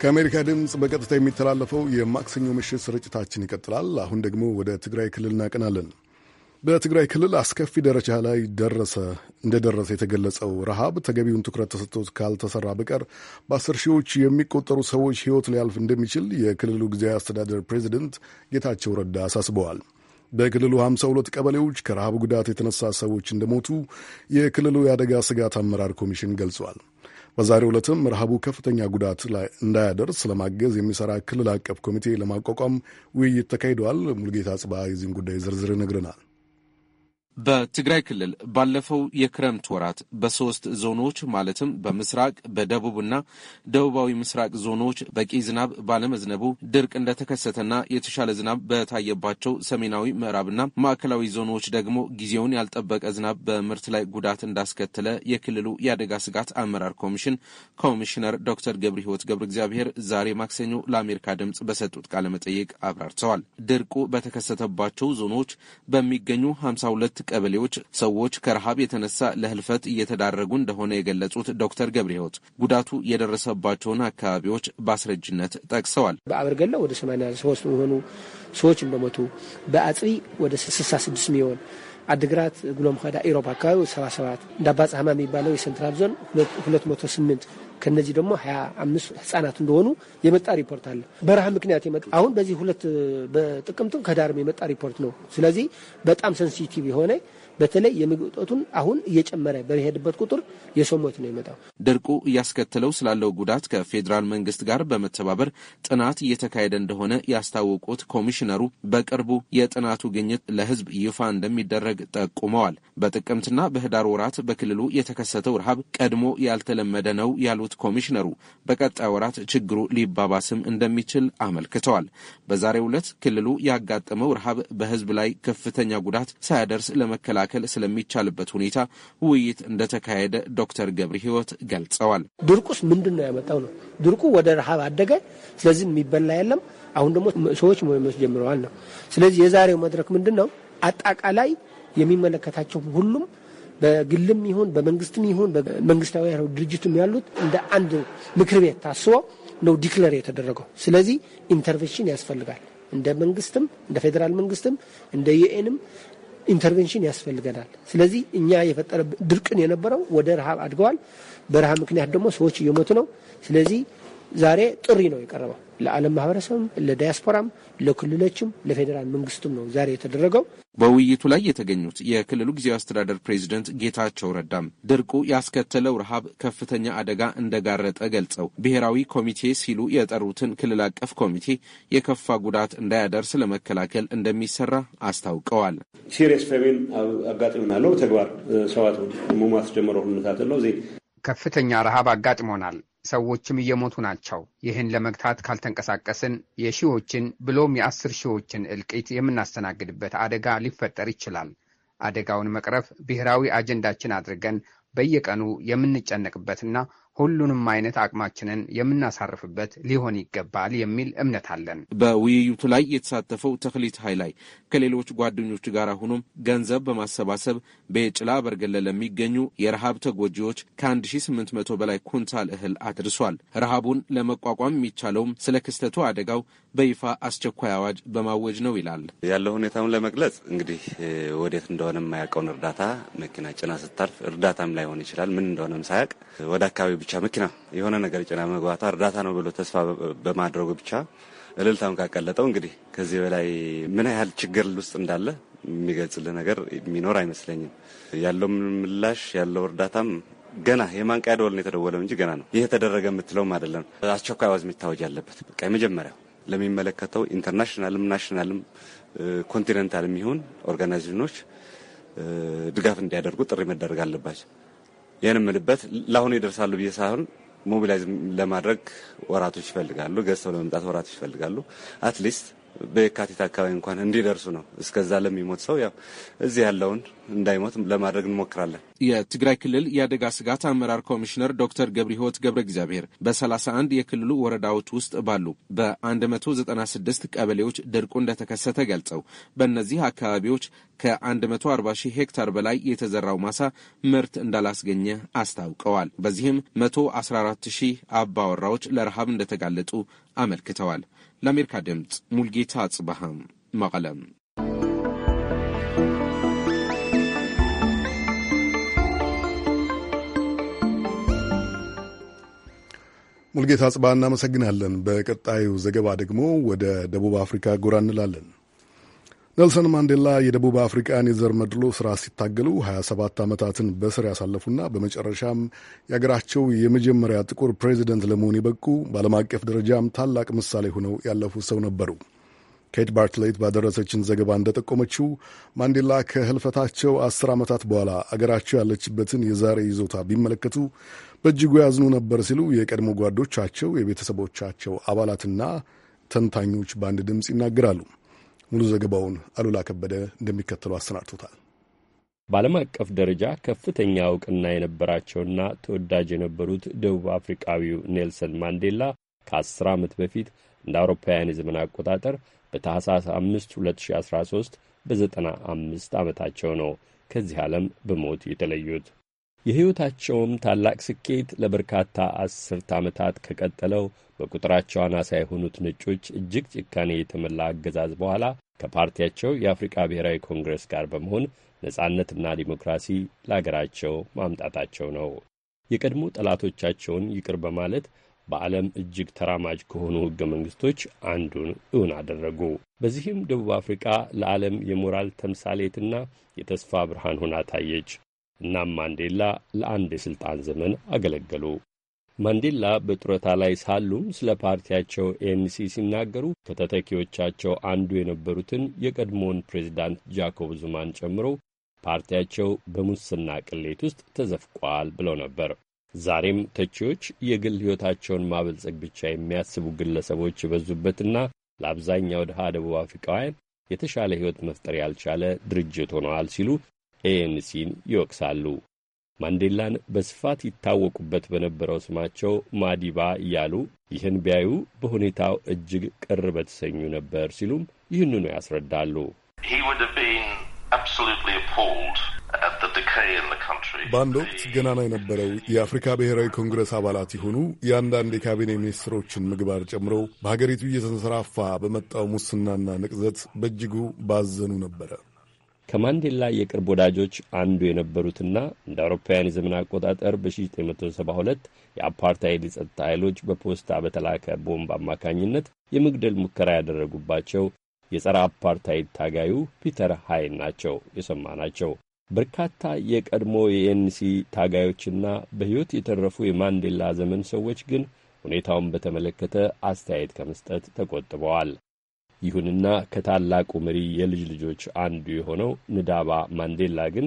ከአሜሪካ ድምፅ በቀጥታ የሚተላለፈው የማክሰኞ ምሽት ስርጭታችን ይቀጥላል። አሁን ደግሞ ወደ ትግራይ ክልል እናቀናለን። በትግራይ ክልል አስከፊ ደረጃ ላይ ደረሰ እንደደረሰ የተገለጸው ረሃብ ተገቢውን ትኩረት ተሰጥቶት ካልተሰራ በቀር በአስር ሺዎች የሚቆጠሩ ሰዎች ሕይወት ሊያልፍ እንደሚችል የክልሉ ጊዜያዊ አስተዳደር ፕሬዚደንት ጌታቸው ረዳ አሳስበዋል። በክልሉ 52 ቀበሌዎች ከረሃብ ጉዳት የተነሳ ሰዎች እንደሞቱ የክልሉ የአደጋ ስጋት አመራር ኮሚሽን ገልጿል። በዛሬው ዕለትም ረሃቡ ከፍተኛ ጉዳት ላይ እንዳያደርስ ለማገዝ የሚሰራ ክልል አቀፍ ኮሚቴ ለማቋቋም ውይይት ተካሂደዋል። ሙልጌታ ጽባ የዚህን ጉዳይ ዝርዝር ይነግረናል። በትግራይ ክልል ባለፈው የክረምት ወራት በሶስት ዞኖች ማለትም በምስራቅ በደቡብና ደቡባዊ ምስራቅ ዞኖች በቂ ዝናብ ባለመዝነቡ ድርቅ እንደተከሰተና የተሻለ ዝናብ በታየባቸው ሰሜናዊ ምዕራብና ማዕከላዊ ዞኖች ደግሞ ጊዜውን ያልጠበቀ ዝናብ በምርት ላይ ጉዳት እንዳስከተለ የክልሉ የአደጋ ስጋት አመራር ኮሚሽን ኮሚሽነር ዶክተር ገብረ ሕይወት ገብረ እግዚአብሔር ዛሬ ማክሰኞ ለአሜሪካ ድምፅ በሰጡት ቃለ መጠይቅ አብራርተዋል። ድርቁ በተከሰተባቸው ዞኖች በሚገኙ 52 ቀበሌዎች ሰዎች ከረሃብ የተነሳ ለህልፈት እየተዳረጉ እንደሆነ የገለጹት ዶክተር ገብረ ህይወት ጉዳቱ የደረሰባቸውን አካባቢዎች በአስረጅነት ጠቅሰዋል። በአበርገላ ወደ 83 የሆኑ ሰዎች እንደሞቱ፣ በአጽሪ ወደ 66 የሚሆን አድግራት፣ ጉሎም ኸዳ፣ ኢሮብ አካባቢ 77፣ እንዳባጽሃማ የሚባለው የሴንትራል ዞን 208 ከነዚህ ደግሞ ሀያ አምስት ህጻናት እንደሆኑ የመጣ ሪፖርት አለ። በረሃ ምክንያት የመጣ አሁን በዚህ ሁለት በጥቅምትም ከዳርም የመጣ ሪፖርት ነው። ስለዚህ በጣም ሴንሲቲቭ የሆነ በተለይ የምግብ እጦቱን አሁን እየጨመረ በሚሄድበት ቁጥር የሰው ሞት ነው የመጣው። ድርቁ እያስከተለው ስላለው ጉዳት ከፌዴራል መንግስት ጋር በመተባበር ጥናት እየተካሄደ እንደሆነ ያስታወቁት ኮሚሽነሩ በቅርቡ የጥናቱ ግኝት ለህዝብ ይፋ እንደሚደረግ ጠቁመዋል። በጥቅምትና በህዳር ወራት በክልሉ የተከሰተው ረሃብ ቀድሞ ያልተለመደ ነው ያሉት ኮሚሽነሩ በቀጣይ ወራት ችግሩ ሊባባስም እንደሚችል አመልክተዋል። በዛሬው ዕለት ክልሉ ያጋጠመው ረሃብ በህዝብ ላይ ከፍተኛ ጉዳት ሳያደርስ ለመከላከል መከላከል ስለሚቻልበት ሁኔታ ውይይት እንደተካሄደ ዶክተር ገብረ ህይወት ገልጸዋል። ድርቁስ ምንድን ነው ያመጣው ነው? ድርቁ ወደ ረሃብ አደገ። ስለዚህ የሚበላ የለም። አሁን ደግሞ ሰዎች መመስ ጀምረዋል ነው። ስለዚህ የዛሬው መድረክ ምንድን ነው? አጠቃላይ የሚመለከታቸው ሁሉም በግልም ይሁን በመንግስትም ይሁን በመንግስታዊ ድርጅትም ያሉት እንደ አንድ ምክር ቤት ታስቦ ነው ዲክለር የተደረገው። ስለዚህ ኢንተርቬንሽን ያስፈልጋል። እንደ መንግስትም እንደ ፌዴራል መንግስትም እንደ ዩኤንም ኢንተርቬንሽን ያስፈልገናል። ስለዚህ እኛ የፈጠረ ድርቅን የነበረው ወደ ረሃብ አድገዋል። በረሃብ ምክንያት ደግሞ ሰዎች እየሞቱ ነው። ስለዚህ ዛሬ ጥሪ ነው የቀረበው ለዓለም ማህበረሰብም ለዲያስፖራም ለክልሎችም ለፌዴራል መንግስቱም ነው ዛሬ የተደረገው። በውይይቱ ላይ የተገኙት የክልሉ ጊዜያዊ አስተዳደር ፕሬዚደንት ጌታቸው ረዳም ድርቁ ያስከተለው ረሃብ ከፍተኛ አደጋ እንደጋረጠ ገልጸው ብሔራዊ ኮሚቴ ሲሉ የጠሩትን ክልል አቀፍ ኮሚቴ የከፋ ጉዳት እንዳያደርስ ለመከላከል እንደሚሰራ አስታውቀዋል። ሲሪየስ ፌሜን አጋጥምናለው ተግባር ሰዋት ሙማት ጀምሮ ሁነታት ከፍተኛ ረሃብ አጋጥሞናል። ሰዎችም እየሞቱ ናቸው። ይህን ለመግታት ካልተንቀሳቀስን የሺዎችን ብሎም የአስር ሺዎችን እልቂት የምናስተናግድበት አደጋ ሊፈጠር ይችላል። አደጋውን መቅረፍ ብሔራዊ አጀንዳችን አድርገን በየቀኑ የምንጨነቅበትና ሁሉንም አይነት አቅማችንን የምናሳርፍበት ሊሆን ይገባል የሚል እምነት አለን። በውይይቱ ላይ የተሳተፈው ተክሊት ኃይላይ ከሌሎች ጓደኞች ጋር ሆኖም ገንዘብ በማሰባሰብ በጭላ በርገለ ለሚገኙ የረሃብ ተጎጂዎች ከ1800 በላይ ኩንታል እህል አድርሷል። ረሃቡን ለመቋቋም የሚቻለውም ስለ ክስተቱ አደጋው በይፋ አስቸኳይ አዋጅ በማወጅ ነው ይላል። ያለው ሁኔታውን ለመግለጽ እንግዲህ ወዴት እንደሆነ የማያውቀውን እርዳታ መኪና ጭና ስታርፍ እርዳታም ላይሆን ይችላል ምን እንደሆነም ሳያውቅ ወደ አካባቢ ብቻ መኪና የሆነ ነገር ጭና መግባቷ እርዳታ ነው ብሎ ተስፋ በማድረጉ ብቻ እልልታውን ካቀለጠው እንግዲህ ከዚህ በላይ ምን ያህል ችግር ውስጥ እንዳለ የሚገልጽልህ ነገር የሚኖር አይመስለኝም። ያለው ምላሽ ያለው እርዳታም ገና የማንቃያ ደወል ነው የተደወለው እንጂ ገና ነው። ይህ የተደረገ የምትለውም አይደለም። አስቸኳይ አዋጅ የሚታወጅ ያለበት በቃ የመጀመሪያው ለሚመለከተው ኢንተርናሽናልም ናሽናልም ኮንቲኔንታልም ይሁን ኦርጋናይዜሽኖች ድጋፍ እንዲያደርጉ ጥሪ መደረግ አለባቸው። ይህን የምልበት ለአሁኑ ይደርሳሉ ብዬ ሳይሆን ሞቢላይዝ ለማድረግ ወራቶች ይፈልጋሉ፣ ገዝተው ለመምጣት ወራቶች ይፈልጋሉ። አትሊስት በየካቲት አካባቢ እንኳን እንዲደርሱ ነው። እስከዛ ለሚሞት ሰው ያው እዚህ ያለውን እንዳይሞት ለማድረግ እንሞክራለን። የትግራይ ክልል የአደጋ ስጋት አመራር ኮሚሽነር ዶክተር ገብረ ህይወት ገብረ እግዚአብሔር በ31 የክልሉ ወረዳዎች ውስጥ ባሉ በ196 ቀበሌዎች ድርቁ እንደተከሰተ ገልጸው በእነዚህ አካባቢዎች ከ140 ሺህ ሄክታር በላይ የተዘራው ማሳ ምርት እንዳላስገኘ አስታውቀዋል። በዚህም 114 ሺህ አባወራዎች ለረሃብ እንደተጋለጡ አመልክተዋል። ለአሜሪካ ድምፅ ሙልጌታ አጽባሃም መቀለም። ሙልጌታ ጽባሃ እናመሰግናለን። በቀጣዩ ዘገባ ደግሞ ወደ ደቡብ አፍሪካ ጎራ እንላለን። ኔልሰን ማንዴላ የደቡብ አፍሪቃን የዘር መድሎ ስራ ሲታገሉ 27 ዓመታትን በስር ያሳለፉና በመጨረሻም የአገራቸው የመጀመሪያ ጥቁር ፕሬዚደንት ለመሆን የበቁ በዓለም አቀፍ ደረጃም ታላቅ ምሳሌ ሆነው ያለፉ ሰው ነበሩ። ኬት ባርትሌት ባደረሰችን ዘገባ እንደጠቆመችው ማንዴላ ከህልፈታቸው አስር ዓመታት በኋላ አገራቸው ያለችበትን የዛሬ ይዞታ ቢመለከቱ በእጅጉ ያዝኑ ነበር ሲሉ የቀድሞ ጓዶቻቸው፣ የቤተሰቦቻቸው አባላትና ተንታኞች በአንድ ድምፅ ይናገራሉ። ሙሉ ዘገባውን አሉላ ከበደ እንደሚከተለው አሰናድቶታል። በዓለም አቀፍ ደረጃ ከፍተኛ እውቅና የነበራቸውና ተወዳጅ የነበሩት ደቡብ አፍሪካዊው ኔልሰን ማንዴላ ከ10 ዓመት በፊት እንደ አውሮፓውያን የዘመን አቆጣጠር በታህሳስ 5 2013 በ95 ዓመታቸው ነው ከዚህ ዓለም በሞት የተለዩት። የሕይወታቸውም ታላቅ ስኬት ለበርካታ አስርት ዓመታት ከቀጠለው በቁጥራቸው አናሳ የሆኑት ነጮች እጅግ ጭካኔ የተሞላ አገዛዝ በኋላ ከፓርቲያቸው የአፍሪቃ ብሔራዊ ኮንግረስ ጋር በመሆን ነጻነትና ዲሞክራሲ ለአገራቸው ማምጣታቸው ነው። የቀድሞ ጠላቶቻቸውን ይቅር በማለት በዓለም እጅግ ተራማጅ ከሆኑ ሕገ መንግሥቶች አንዱን እውን አደረጉ። በዚህም ደቡብ አፍሪቃ ለዓለም የሞራል ተምሳሌትና የተስፋ ብርሃን ሆና ታየች። እናም ማንዴላ ለአንድ የሥልጣን ዘመን አገለገሉ። ማንዴላ በጡረታ ላይ ሳሉም ስለ ፓርቲያቸው ኤንሲ ሲናገሩ ከተተኪዎቻቸው አንዱ የነበሩትን የቀድሞውን ፕሬዚዳንት ጃኮብ ዙማን ጨምሮ ፓርቲያቸው በሙስና ቅሌት ውስጥ ተዘፍቋል ብለው ነበር። ዛሬም ተቺዎች የግል ሕይወታቸውን ማበልጸግ ብቻ የሚያስቡ ግለሰቦች የበዙበትና ለአብዛኛው ድሃ ደቡብ አፍሪካውያን የተሻለ ሕይወት መፍጠር ያልቻለ ድርጅት ሆነዋል ሲሉ ኤኤንሲን ይወቅሳሉ። ማንዴላን በስፋት ይታወቁበት በነበረው ስማቸው ማዲባ እያሉ ይህን ቢያዩ በሁኔታው እጅግ ቅር በተሰኙ ነበር ሲሉም ይህንኑ ያስረዳሉ። በአንድ ወቅት ገናና የነበረው የአፍሪካ ብሔራዊ ኮንግረስ አባላት የሆኑ የአንዳንድ የካቢኔ ሚኒስትሮችን ምግባር ጨምሮ በሀገሪቱ እየተንሰራፋ በመጣው ሙስናና ንቅዘት በእጅጉ ባዘኑ ነበረ። ከማንዴላ የቅርብ ወዳጆች አንዱ የነበሩትና እንደ አውሮፓውያን የዘመን አቆጣጠር በ1972 የአፓርታይድ የጸጥታ ኃይሎች በፖስታ በተላከ ቦምብ አማካኝነት የመግደል ሙከራ ያደረጉባቸው የጸረ አፓርታይድ ታጋዩ ፒተር ሃይን ናቸው የሰማ ናቸው። በርካታ የቀድሞ የኤንሲ ታጋዮችና በሕይወት የተረፉ የማንዴላ ዘመን ሰዎች ግን ሁኔታውን በተመለከተ አስተያየት ከመስጠት ተቆጥበዋል። ይሁንና ከታላቁ መሪ የልጅ ልጆች አንዱ የሆነው ንዳባ ማንዴላ ግን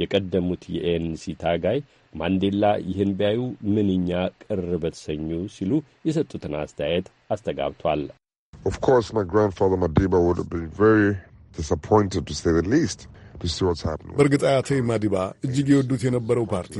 የቀደሙት የኤንሲ ታጋይ ማንዴላ ይህን ቢያዩ ምንኛ ቅር በተሰኙ ሲሉ የሰጡትን አስተያየት አስተጋብቷል። ኦፍ ማይ ግራንድፋዘር ማዲባ ውድ ቨሪ ዲስአፖይንትድ ቱ ሴይ ዘ ሊስት በእርግጥ አያቴ ማዲባ እጅግ የወዱት የነበረው ፓርቲ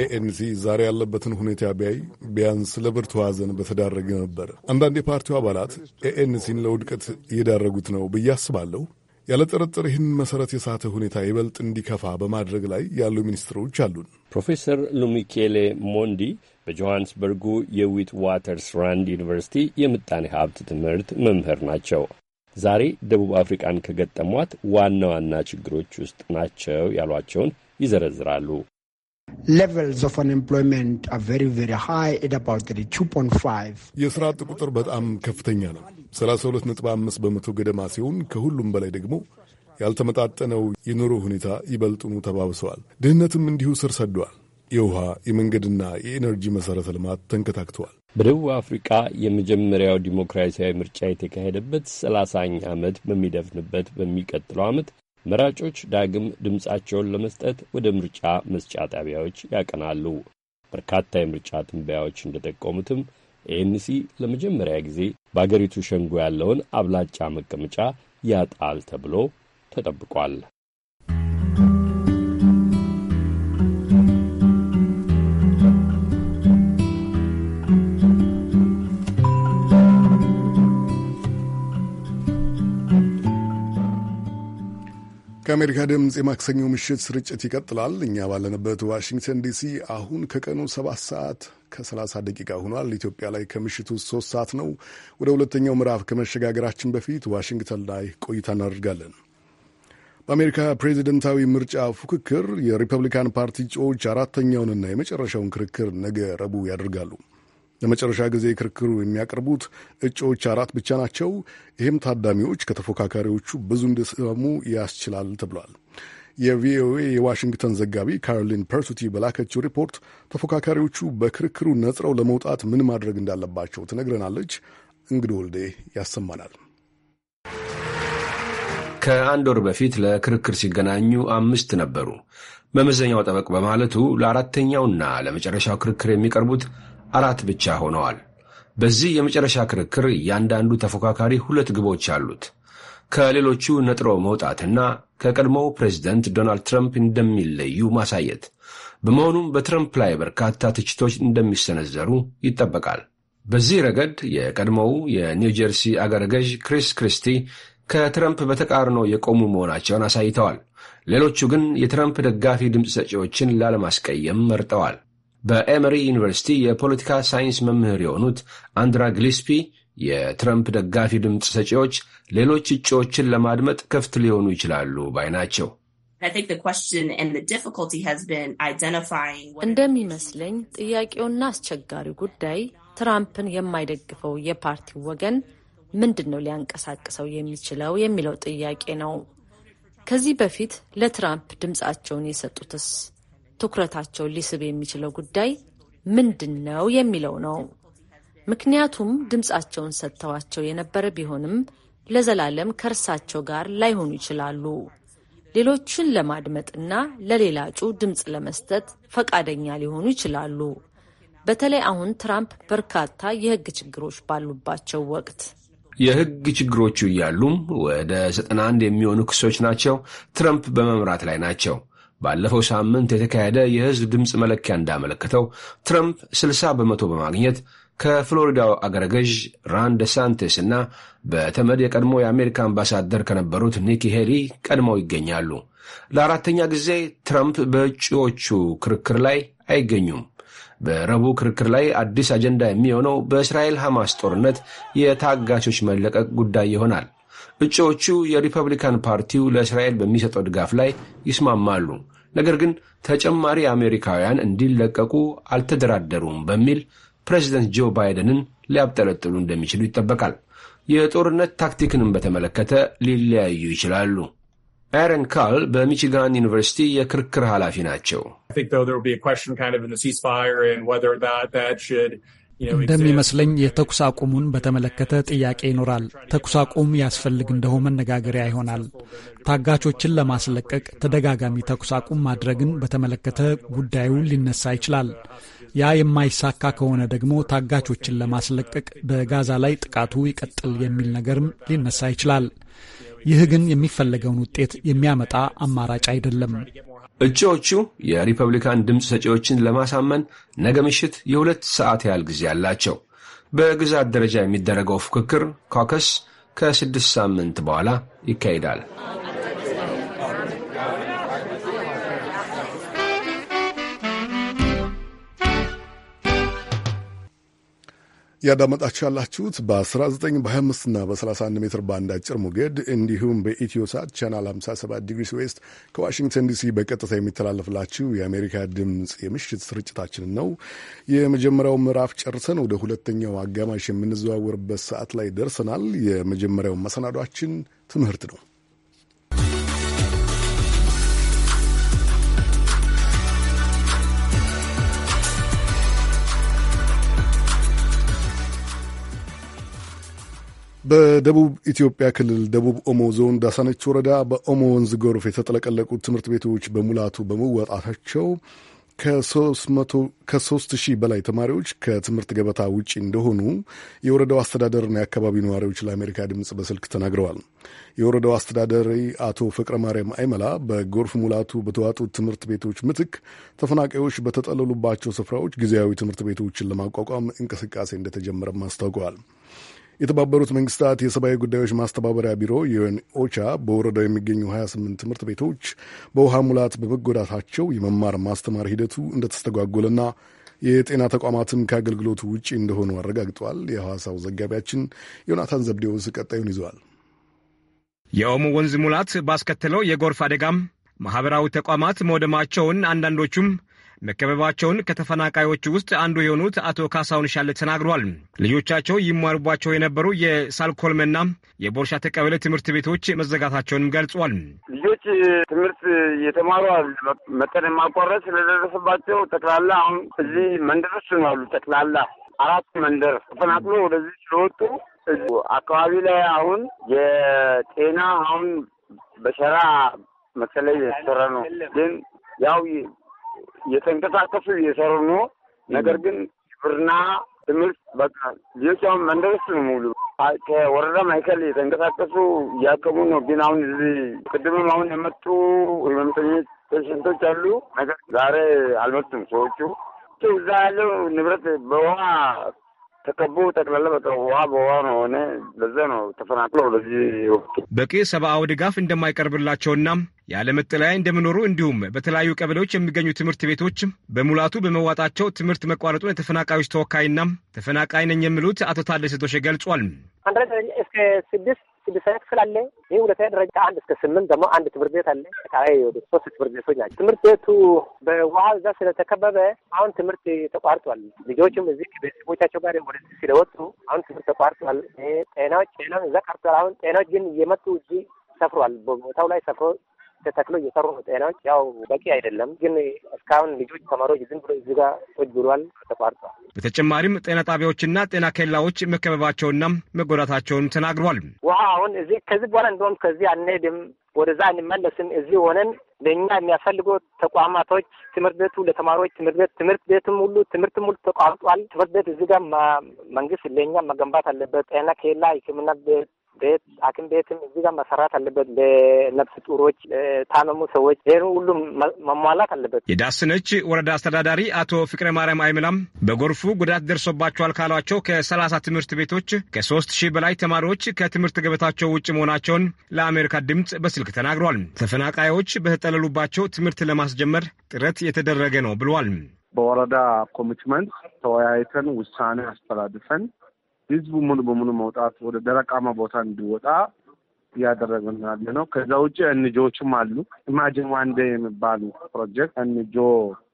ኤኤንሲ ዛሬ ያለበትን ሁኔታ ቢያይ ቢያንስ ለብርቱ ሐዘን በተዳረገ ነበር። አንዳንድ የፓርቲው አባላት ኤኤንሲን ለውድቀት እየዳረጉት ነው ብዬ አስባለሁ። ያለ ጥርጥር ይህን መሰረት የሳተ ሁኔታ ይበልጥ እንዲከፋ በማድረግ ላይ ያሉ ሚኒስትሮች አሉን። ፕሮፌሰር ሉሚኬሌ ሞንዲ በጆሃንስበርጉ የዊት ዋተርስ ራንድ ዩኒቨርሲቲ የምጣኔ ሀብት ትምህርት መምህር ናቸው። ዛሬ ደቡብ አፍሪቃን ከገጠሟት ዋና ዋና ችግሮች ውስጥ ናቸው ያሏቸውን ይዘረዝራሉ። የስራ አጥ ቁጥር በጣም ከፍተኛ ነው፣ 32.5 በመቶ ገደማ ሲሆን ከሁሉም በላይ ደግሞ ያልተመጣጠነው የኑሮ ሁኔታ ይበልጡኑ ተባብሰዋል። ድህነትም እንዲሁ ስር ሰደዋል። የውሃ የመንገድና የኤነርጂ መሠረተ ልማት ተንከታክተዋል። በደቡብ አፍሪቃ የመጀመሪያው ዲሞክራሲያዊ ምርጫ የተካሄደበት ሰላሳኛ ዓመት በሚደፍንበት በሚቀጥለው ዓመት መራጮች ዳግም ድምፃቸውን ለመስጠት ወደ ምርጫ መስጫ ጣቢያዎች ያቀናሉ። በርካታ የምርጫ ትንበያዎች እንደጠቆሙትም ኤንሲ ለመጀመሪያ ጊዜ በአገሪቱ ሸንጎ ያለውን አብላጫ መቀመጫ ያጣል ተብሎ ተጠብቋል። ከአሜሪካ ድምፅ የማክሰኞ ምሽት ስርጭት ይቀጥላል። እኛ ባለንበት ዋሽንግተን ዲሲ አሁን ከቀኑ ሰባት ሰዓት ከሰላሳ ደቂቃ ሆኗል። ኢትዮጵያ ላይ ከምሽቱ ሶስት ሰዓት ነው። ወደ ሁለተኛው ምዕራፍ ከመሸጋገራችን በፊት ዋሽንግተን ላይ ቆይታ እናደርጋለን። በአሜሪካ ፕሬዚደንታዊ ምርጫ ፉክክር የሪፐብሊካን ፓርቲ እጩዎች አራተኛውንና የመጨረሻውን ክርክር ነገ ረቡዕ ያደርጋሉ። ለመጨረሻ ጊዜ ክርክሩ የሚያቀርቡት እጩዎች አራት ብቻ ናቸው። ይህም ታዳሚዎች ከተፎካካሪዎቹ ብዙ እንዲሰሙ ያስችላል ተብሏል። የቪኦኤ የዋሽንግተን ዘጋቢ ካሮሊን ፐርሱቲ በላከችው ሪፖርት ተፎካካሪዎቹ በክርክሩ ነጽረው ለመውጣት ምን ማድረግ እንዳለባቸው ትነግረናለች። እንግዶ ወልዴ ያሰማናል። ከአንድ ወር በፊት ለክርክር ሲገናኙ አምስት ነበሩ። መመዘኛው ጠበቅ በማለቱ ለአራተኛውና ለመጨረሻው ክርክር የሚቀርቡት አራት ብቻ ሆነዋል። በዚህ የመጨረሻ ክርክር እያንዳንዱ ተፎካካሪ ሁለት ግቦች አሉት። ከሌሎቹ ነጥሮ መውጣትና ከቀድሞው ፕሬዚደንት ዶናልድ ትራምፕ እንደሚለዩ ማሳየት። በመሆኑም በትራምፕ ላይ በርካታ ትችቶች እንደሚሰነዘሩ ይጠበቃል። በዚህ ረገድ የቀድሞው የኒውጀርሲ አገረ ገዥ ክሪስ ክሪስቲ ከትረምፕ በተቃርኖ የቆሙ መሆናቸውን አሳይተዋል። ሌሎቹ ግን የትረምፕ ደጋፊ ድምፅ ሰጪዎችን ላለማስቀየም መርጠዋል። በኤመሪ ዩኒቨርሲቲ የፖለቲካ ሳይንስ መምህር የሆኑት አንድራ ግሊስፒ የትረምፕ ደጋፊ ድምፅ ሰጪዎች ሌሎች እጩዎችን ለማድመጥ ክፍት ሊሆኑ ይችላሉ ባይ ናቸው። እንደሚመስለኝ ጥያቄውና አስቸጋሪው ጉዳይ ትራምፕን የማይደግፈው የፓርቲው ወገን ምንድን ነው ሊያንቀሳቅሰው የሚችለው የሚለው ጥያቄ ነው። ከዚህ በፊት ለትራምፕ ድምፃቸውን የሰጡትስ ትኩረታቸውን ሊስብ የሚችለው ጉዳይ ምንድን ነው የሚለው ነው። ምክንያቱም ድምፃቸውን ሰጥተዋቸው የነበረ ቢሆንም ለዘላለም ከእርሳቸው ጋር ላይሆኑ ይችላሉ። ሌሎችን ለማድመጥና ለሌላ እጩ ድምፅ ለመስጠት ፈቃደኛ ሊሆኑ ይችላሉ። በተለይ አሁን ትራምፕ በርካታ የህግ ችግሮች ባሉባቸው ወቅት የህግ ችግሮቹ እያሉም ወደ ዘጠና የሚሆኑ ክሶች ናቸው ትራምፕ በመምራት ላይ ናቸው። ባለፈው ሳምንት የተካሄደ የህዝብ ድምፅ መለኪያ እንዳመለከተው ትረምፕ 60 በመቶ በማግኘት ከፍሎሪዳው አገረ ገዥ ራን ደሳንቴስ እና በተመድ የቀድሞ የአሜሪካ አምባሳደር ከነበሩት ኒኪ ሄሊ ቀድመው ይገኛሉ። ለአራተኛ ጊዜ ትረምፕ በእጩዎቹ ክርክር ላይ አይገኙም። በረቡዕ ክርክር ላይ አዲስ አጀንዳ የሚሆነው በእስራኤል ሐማስ ጦርነት የታጋቾች መለቀቅ ጉዳይ ይሆናል። እጩዎቹ የሪፐብሊካን ፓርቲው ለእስራኤል በሚሰጠው ድጋፍ ላይ ይስማማሉ፣ ነገር ግን ተጨማሪ አሜሪካውያን እንዲለቀቁ አልተደራደሩም በሚል ፕሬዚደንት ጆ ባይደንን ሊያብጠለጥሉ እንደሚችሉ ይጠበቃል። የጦርነት ታክቲክንም በተመለከተ ሊለያዩ ይችላሉ። ኤረን ካል በሚችጋን ዩኒቨርሲቲ የክርክር ኃላፊ ናቸው። እንደሚመስለኝ የተኩስ አቁሙን በተመለከተ ጥያቄ ይኖራል። ተኩስ አቁም ያስፈልግ እንደሆ መነጋገሪያ ይሆናል። ታጋቾችን ለማስለቀቅ ተደጋጋሚ ተኩስ አቁም ማድረግን በተመለከተ ጉዳዩ ሊነሳ ይችላል። ያ የማይሳካ ከሆነ ደግሞ ታጋቾችን ለማስለቀቅ በጋዛ ላይ ጥቃቱ ይቀጥል የሚል ነገርም ሊነሳ ይችላል። ይህ ግን የሚፈለገውን ውጤት የሚያመጣ አማራጭ አይደለም። እጩዎቹ የሪፐብሊካን ድምፅ ሰጪዎችን ለማሳመን ነገ ምሽት የሁለት ሰዓት ያህል ጊዜ አላቸው። በግዛት ደረጃ የሚደረገው ፉክክር ካከስ ከስድስት ሳምንት በኋላ ይካሄዳል። እያዳመጣችሁ ያላችሁት በ19 በ25 እና በ31 ሜትር ባንድ አጭር ሞገድ እንዲሁም በኢትዮ ሳት ቻናል 57 ዲግሪ ዌስት ከዋሽንግተን ዲሲ በቀጥታ የሚተላለፍላችሁ የአሜሪካ ድምፅ የምሽት ስርጭታችንን ነው። የመጀመሪያው ምዕራፍ ጨርሰን ወደ ሁለተኛው አጋማሽ የምንዘዋወርበት ሰዓት ላይ ደርሰናል። የመጀመሪያው መሰናዷችን ትምህርት ነው። በደቡብ ኢትዮጵያ ክልል ደቡብ ኦሞ ዞን ዳሳነች ወረዳ በኦሞ ወንዝ ጎርፍ የተጥለቀለቁት ትምህርት ቤቶች በሙላቱ በመወጣታቸው ከሶስት ሺህ በላይ ተማሪዎች ከትምህርት ገበታ ውጪ እንደሆኑ የወረዳው አስተዳደርና የአካባቢ ነዋሪዎች ለአሜሪካ ድምፅ በስልክ ተናግረዋል። የወረዳው አስተዳደሪ አቶ ፍቅረ ማርያም አይመላ በጎርፍ ሙላቱ በተዋጡት ትምህርት ቤቶች ምትክ ተፈናቃዮች በተጠለሉባቸው ስፍራዎች ጊዜያዊ ትምህርት ቤቶችን ለማቋቋም እንቅስቃሴ እንደተጀመረም አስታውቀዋል። የተባበሩት መንግስታት የሰብአዊ ጉዳዮች ማስተባበሪያ ቢሮ ዩኤን ኦቻ በወረዳው የሚገኙ 28 ትምህርት ቤቶች በውሃ ሙላት በመጎዳታቸው የመማር ማስተማር ሂደቱ እንደተስተጓጎለና የጤና ተቋማትም ከአገልግሎቱ ውጭ እንደሆኑ አረጋግጠዋል። የሐዋሳው ዘጋቢያችን ዮናታን ዘብዴዎስ ቀጣዩን ይዘዋል። የኦሞ ወንዝ ሙላት ባስከተለው የጎርፍ አደጋም ማኅበራዊ ተቋማት መውደማቸውን አንዳንዶቹም መከበባቸውን ከተፈናቃዮች ውስጥ አንዱ የሆኑት አቶ ካሳውን ሻለ ተናግሯል። ልጆቻቸው ይማሩባቸው የነበሩ የሳልኮልምና የቦርሻ ተቀበለ ትምህርት ቤቶች መዘጋታቸውንም ገልጿል። ልጆች ትምህርት የተማሩ መጠን የማቋረጥ ስለደረሰባቸው ጠቅላላ አሁን እዚህ መንደር ውስጥ ነው ያሉ ጠቅላላ አራት መንደር ተፈናቅሎ ወደዚህ ስለወጡ አካባቢ ላይ አሁን የጤና አሁን በሸራ መሰለኝ የተሰራ ነው ግን ያው የተንቀሳቀሱ እየሰሩ ነው። ነገር ግን ግብርና፣ ትምህርት በቃ ልጆቻውን መንደርስ ነው ሙሉ ከወረዳ ማይከል የተንቀሳቀሱ እያከሙ ነው። ግን አሁን እዚህ ቅድምም አሁን የመጡ ህመምተኞች ፔሽንቶች አሉ። ነገር ዛሬ አልመጡም ሰዎቹ። እዛ ያለው ንብረት በውሃ ተከቦ ጠቅላላ በቃ ውሃ በውሃ ነው ሆነ። በዛ ነው ተፈናቅለው ለዚህ ወቅቱ በቂ ሰብአዊ ድጋፍ እንደማይቀርብላቸውና ያለመጠለያ እንደሚኖሩ እንዲሁም በተለያዩ ቀበሌዎች የሚገኙ ትምህርት ቤቶች በሙላቱ በመዋጣቸው ትምህርት መቋረጡን የተፈናቃዮች ተወካይና ተፈናቃይ ነኝ የሚሉት አቶ ታደሰ ቶሼ ገልጿል። አንደኛ ደረጃ ስድስተኛ ክፍል አለ። ይህ ሁለተኛ ደረጃ ከአንድ እስከ ስምንት ደግሞ አንድ ትምህርት ቤት አለ። ቃይ ወደ ሶስት ትምህርት ቤቶች ናቸው። ትምህርት ቤቱ በውሃ እዛ ስለተከበበ አሁን ትምህርት ተቋርጧል። ልጆችም እዚህ ቤተሰቦቻቸው ጋር ወደ ስለወጡ አሁን ትምህርት ተቋርጧል። ጤናዎች ጤና እዛ ቀርቷል። አሁን ጤናዎች ግን እየመጡ እዚህ ሰፍሯል። በቦታው ላይ ሰፍሮ ተተክሎ እየሰሩ ነው። ጤናዎች ያው በቂ አይደለም፣ ግን እስካሁን ልጆች ተማሪዎች ዝም ብሎ እዚህ ጋር ቁጭ ብሏል፣ ተቋርጧል። በተጨማሪም ጤና ጣቢያዎችና ጤና ኬላዎች መከበባቸውና መጎዳታቸውን ተናግሯል። ውሃ አሁን እዚህ ከዚህ በኋላ እንደውም ከዚህ አንሄድም ወደዛ እንመለስም እዚህ ሆነን ለእኛ የሚያስፈልገው ተቋማቶች ትምህርት ቤቱ ለተማሪዎች ትምህርት ቤት ትምህርት ቤትም ሁሉ ትምህርትም ሁሉ ተቋርጧል። ትምህርት ቤት እዚህ ጋር መንግስት ለእኛ መገንባት አለበት። ጤና ኬላ፣ ሕክምና ቤት ቤት ሐኪም ቤትም እዚህ ጋር መሰራት አለበት። ለነፍስ ጡሮች፣ ታመሙ ሰዎች ይህን ሁሉም መሟላት አለበት። የዳስነች ወረዳ አስተዳዳሪ አቶ ፍቅረ ማርያም አይምላም በጎርፉ ጉዳት ደርሶባቸዋል ካሏቸው ከሰላሳ ትምህርት ቤቶች ከሶስት ሺህ በላይ ተማሪዎች ከትምህርት ገበታቸው ውጭ መሆናቸውን ለአሜሪካ ድምፅ በስልክ ተናግሯል። ተፈናቃዮች በተጠለሉባቸው ትምህርት ለማስጀመር ጥረት የተደረገ ነው ብለዋል። በወረዳ ኮሚትመንት ተወያይተን ውሳኔ አስተላልፈን ህዝቡ ሙሉ በሙሉ መውጣት ወደ ደረቃማ ቦታ እንዲወጣ እያደረግን ያለ ነው። ከዛ ውጭ እንጆዎችም አሉ። ኢማጂን ዋንዴ የሚባሉ ፕሮጀክት እንጆ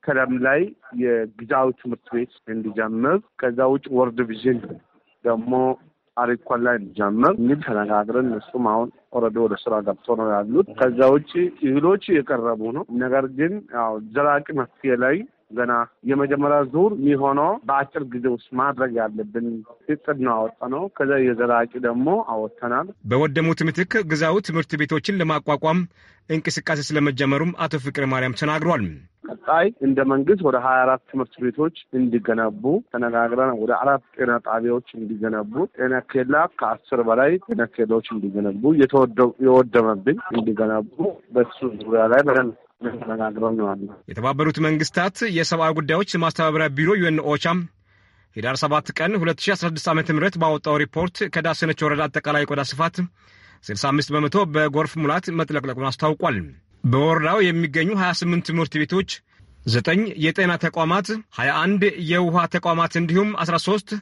ከለም ላይ የጊዜያዊ ትምህርት ቤት እንዲጀምር፣ ከዛ ውጭ ወርድ ቪዥን ደግሞ አሪኮን ላይ እንዲጀምር የሚል ተነጋግረን እሱም አሁን ኦልሬዲ ወደ ስራ ገብቶ ነው ያሉት። ከዛ ውጭ እህሎች የቀረቡ ነው። ነገር ግን ዘላቂ መፍትሄ ላይ ገና የመጀመሪያ ዙር የሚሆነው በአጭር ጊዜ ውስጥ ማድረግ ያለብን እቅድ ነው አወጣ ነው። ከዛ የዘላቂ ደግሞ አወጥተናል። በወደሙት ምትክ ግዛው ትምህርት ቤቶችን ለማቋቋም እንቅስቃሴ ስለመጀመሩም አቶ ፍቅር ማርያም ተናግሯል። ቀጣይ እንደ መንግስት ወደ ሀያ አራት ትምህርት ቤቶች እንዲገነቡ ተነጋግረን ወደ አራት ጤና ጣቢያዎች እንዲገነቡ፣ ጤና ኬላ ከአስር በላይ ጤና ኬላዎች እንዲገነቡ፣ የወደመብኝ እንዲገነቡ በሱ ዙሪያ ላይ በደንብ የተባበሩት መንግስታት የሰብአዊ ጉዳዮች ማስተባበሪያ ቢሮ ዩኤን ኦቻም ሂዳር 7 ቀን 2016 ዓ ም ባወጣው ሪፖርት ከዳሰነች ወረዳ አጠቃላይ ቆዳ ስፋት 65 በመቶ በጎርፍ ሙላት መጥለቅለቁን አስታውቋል። በወረዳው የሚገኙ 28 ትምህርት ቤቶች፣ 9 የጤና ተቋማት፣ 21 የውሃ ተቋማት እንዲሁም 13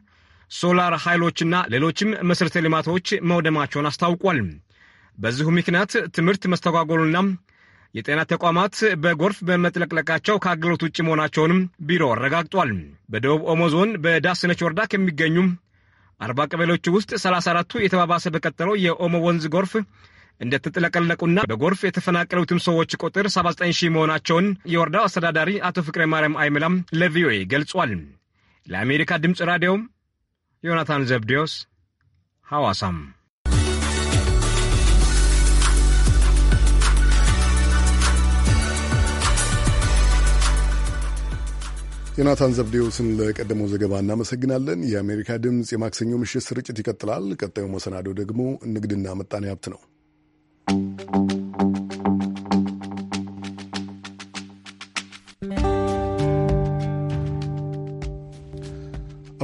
ሶላር ኃይሎችና ሌሎችም መሠረተ ልማቶች መውደማቸውን አስታውቋል። በዚሁ ምክንያት ትምህርት መስተጓጎሉና የጤና ተቋማት በጎርፍ በመጥለቅለቃቸው ከአገልግሎት ውጭ መሆናቸውንም ቢሮ አረጋግጧል። በደቡብ ኦሞ ዞን በዳስነች ወረዳ ከሚገኙ አርባ ቀበሌዎች ውስጥ 34ቱ የተባባሰ በቀጠለው የኦሞ ወንዝ ጎርፍ እንደተጥለቀለቁና በጎርፍ የተፈናቀሉትም ሰዎች ቁጥር 79 ሺህ መሆናቸውን የወረዳው አስተዳዳሪ አቶ ፍቅረ ማርያም አይመላም ለቪኦኤ ገልጿል። ለአሜሪካ ድምፅ ራዲዮ ዮናታን ዘብዴዎስ ሐዋሳም ዮናታን ዘብዴዎስን ለቀደመው ዘገባ እናመሰግናለን። የአሜሪካ ድምፅ የማክሰኞ ምሽት ስርጭት ይቀጥላል። ቀጣዩ መሰናዶ ደግሞ ንግድና ምጣኔ ሀብት ነው።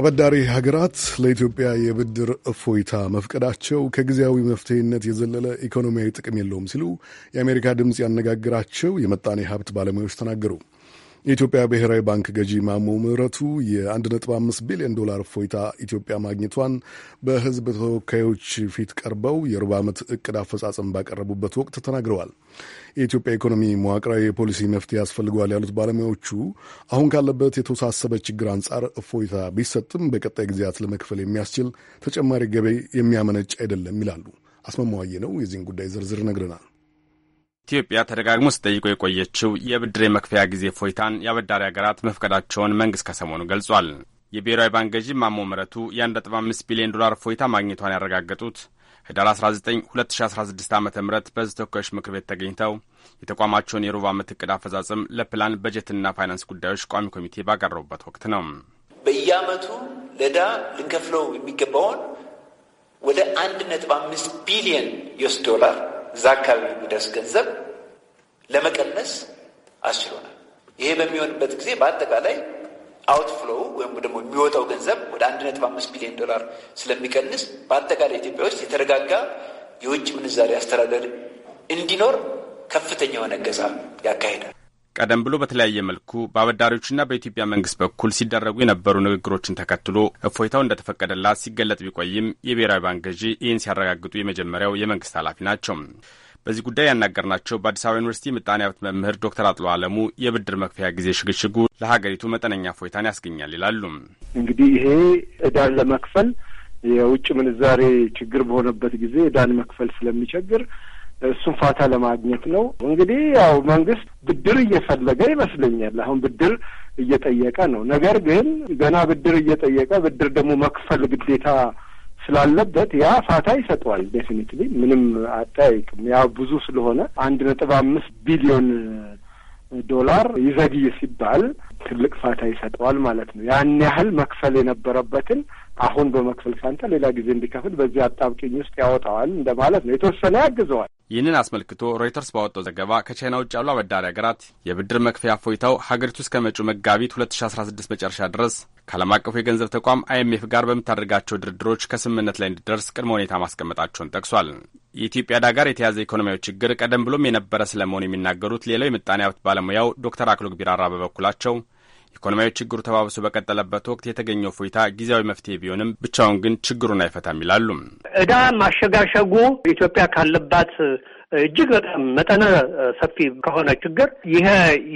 አበዳሪ ሀገራት ለኢትዮጵያ የብድር እፎይታ መፍቀዳቸው ከጊዜያዊ መፍትሄነት የዘለለ ኢኮኖሚያዊ ጥቅም የለውም ሲሉ የአሜሪካ ድምፅ ያነጋግራቸው የመጣኔ ሀብት ባለሙያዎች ተናገሩ። የኢትዮጵያ ብሔራዊ ባንክ ገዢ ማሞ ምህረቱ የ1.5 ቢሊዮን ዶላር እፎይታ ኢትዮጵያ ማግኘቷን በሕዝብ ተወካዮች ፊት ቀርበው የሩብ ዓመት እቅድ አፈጻጸም ባቀረቡበት ወቅት ተናግረዋል። የኢትዮጵያ ኢኮኖሚ መዋቅራዊ የፖሊሲ መፍትሄ ያስፈልገዋል ያሉት ባለሙያዎቹ አሁን ካለበት የተወሳሰበ ችግር አንጻር እፎይታ ቢሰጥም በቀጣይ ጊዜያት ለመክፈል የሚያስችል ተጨማሪ ገቢ የሚያመነጭ አይደለም ይላሉ። አስማማዋዬ ነው የዚህን ጉዳይ ዝርዝር ነግረናል። ኢትዮጵያ ተደጋግሞ ስጠይቆ የቆየችው የብድር መክፈያ ጊዜ ፎይታን የአበዳሪ ሀገራት መፍቀዳቸውን መንግሥት ከሰሞኑ ገልጿል። የብሔራዊ ባንክ ገዢ ማሞ ምረቱ የ1.5 ቢሊዮን ዶላር ፎይታ ማግኘቷን ያረጋገጡት ህዳር 19 2016 ዓ ም በሕዝብ ተወካዮች ምክር ቤት ተገኝተው የተቋማቸውን የሩብ ዓመት ዕቅድ አፈጻጽም ለፕላን በጀትና ፋይናንስ ጉዳዮች ቋሚ ኮሚቴ ባቀረቡበት ወቅት ነው። በየዓመቱ ለዳ ልንከፍለው የሚገባውን ወደ 1.5 ቢሊዮን ዩስ ዶላር እዛ አካባቢ የሚደርስ ገንዘብ ለመቀነስ አስችሎናል። ይሄ በሚሆንበት ጊዜ በአጠቃላይ አውትፍሎው ወይም ደግሞ የሚወጣው ገንዘብ ወደ አንድ ነጥብ አምስት ቢሊዮን ዶላር ስለሚቀንስ በአጠቃላይ ኢትዮጵያ ውስጥ የተረጋጋ የውጭ ምንዛሪ አስተዳደር እንዲኖር ከፍተኛ የሆነ እገዛ ያካሂዳል። ቀደም ብሎ በተለያየ መልኩ በአበዳሪዎችና በኢትዮጵያ መንግስት በኩል ሲደረጉ የነበሩ ንግግሮችን ተከትሎ እፎይታው እንደተፈቀደላት ሲገለጥ ቢቆይም የብሔራዊ ባንክ ገዢ ይህን ሲያረጋግጡ የመጀመሪያው የመንግስት ኃላፊ ናቸው። በዚህ ጉዳይ ያናገርናቸው በአዲስ አበባ ዩኒቨርሲቲ ምጣኔ ሀብት መምህር ዶክተር አጥሎ አለሙ የብድር መክፈያ ጊዜ ሽግሽጉ ለሀገሪቱ መጠነኛ እፎይታን ያስገኛል ይላሉ። እንግዲህ ይሄ እዳን ለመክፈል የውጭ ምንዛሬ ችግር በሆነበት ጊዜ እዳን መክፈል ስለሚቸግር እሱን ፋታ ለማግኘት ነው። እንግዲህ ያው መንግስት ብድር እየፈለገ ይመስለኛል። አሁን ብድር እየጠየቀ ነው። ነገር ግን ገና ብድር እየጠየቀ ብድር ደግሞ መክፈል ግዴታ ስላለበት ያ ፋታ ይሰጠዋል። ዴፊኒትሊ ምንም አጠያይቅም። ያ ብዙ ስለሆነ አንድ ነጥብ አምስት ቢሊዮን ዶላር ይዘግይ ሲባል ትልቅ ፋታ ይሰጠዋል ማለት ነው። ያን ያህል መክፈል የነበረበትን አሁን በመክፈል ሳንታ ሌላ ጊዜ እንዲከፍል በዚህ አጣብቂኝ ውስጥ ያወጣዋል እንደማለት ነው። የተወሰነ ያግዘዋል። ይህንን አስመልክቶ ሮይተርስ ባወጣው ዘገባ ከቻይና ውጭ ያሉ አበዳሪ ሀገራት የብድር መክፈያ ፎይታው ሀገሪቱ እስከ መጪው መጋቢት 2016 መጨረሻ ድረስ ከዓለም አቀፉ የገንዘብ ተቋም አይኤምኤፍ ጋር በምታደርጋቸው ድርድሮች ከስምምነት ላይ እንዲደርስ ቅድመ ሁኔታ ማስቀመጣቸውን ጠቅሷል። የኢትዮጵያ ዕዳ ጋር የተያዘ ኢኮኖሚያዊ ችግር ቀደም ብሎም የነበረ ስለመሆኑ የሚናገሩት ሌላው የምጣኔ ሀብት ባለሙያው ዶክተር አክሎግ ቢራራ በበኩላቸው ኢኮኖሚያዊ ችግሩ ተባብሶ በቀጠለበት ወቅት የተገኘው እፎይታ ጊዜያዊ መፍትሄ ቢሆንም ብቻውን ግን ችግሩን አይፈታም ይላሉ። እዳ ማሸጋሸጉ ኢትዮጵያ ካለባት እጅግ በጣም መጠነ ሰፊ ከሆነ ችግር ይሄ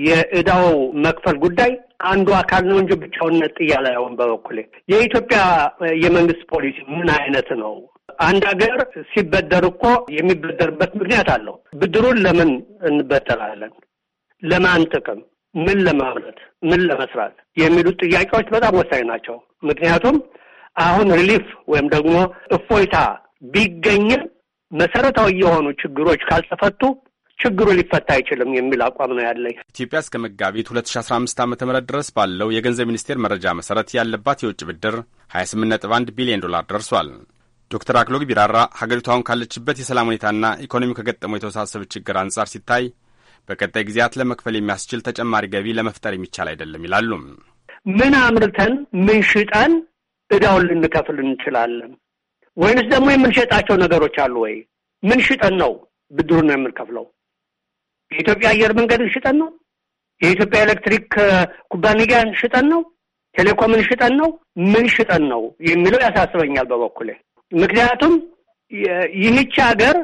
የእዳው መክፈል ጉዳይ አንዱ አካል ነው እንጂ ብቻውን ነጥ እያለ ያውን በበኩሌ የኢትዮጵያ የመንግስት ፖሊሲ ምን አይነት ነው? አንድ ሀገር ሲበደር እኮ የሚበደርበት ምክንያት አለው። ብድሩን ለምን እንበደራለን? ለማን ጥቅም? ምን ለማምረት ምን ለመስራት የሚሉት ጥያቄዎች በጣም ወሳኝ ናቸው። ምክንያቱም አሁን ሪሊፍ ወይም ደግሞ እፎይታ ቢገኝም መሰረታዊ የሆኑ ችግሮች ካልተፈቱ ችግሩ ሊፈታ አይችልም የሚል አቋም ነው ያለኝ። ኢትዮጵያ እስከ መጋቢት 2015 ዓ ም ድረስ ባለው የገንዘብ ሚኒስቴር መረጃ መሰረት ያለባት የውጭ ብድር 28.1 ቢሊዮን ዶላር ደርሷል። ዶክተር አክሎግ ቢራራ ሀገሪቱ አሁን ካለችበት የሰላም ሁኔታና ኢኮኖሚ ከገጠመው የተወሳሰበ ችግር አንጻር ሲታይ በቀጣይ ጊዜያት ለመክፈል የሚያስችል ተጨማሪ ገቢ ለመፍጠር የሚቻል አይደለም ይላሉ። ምን አምርተን ምን ሽጠን እዳውን ልንከፍል እንችላለን? ወይንስ ደግሞ የምንሸጣቸው ነገሮች አሉ ወይ? ምን ሽጠን ነው ብድሩን የምንከፍለው? የኢትዮጵያ አየር መንገድን ሽጠን ነው? የኢትዮጵያ ኤሌክትሪክ ኩባንያን ሽጠን ነው? ቴሌኮምን ሽጠን ነው? ምን ሽጠን ነው የሚለው ያሳስበኛል በበኩሌ። ምክንያቱም ይህች ሀገር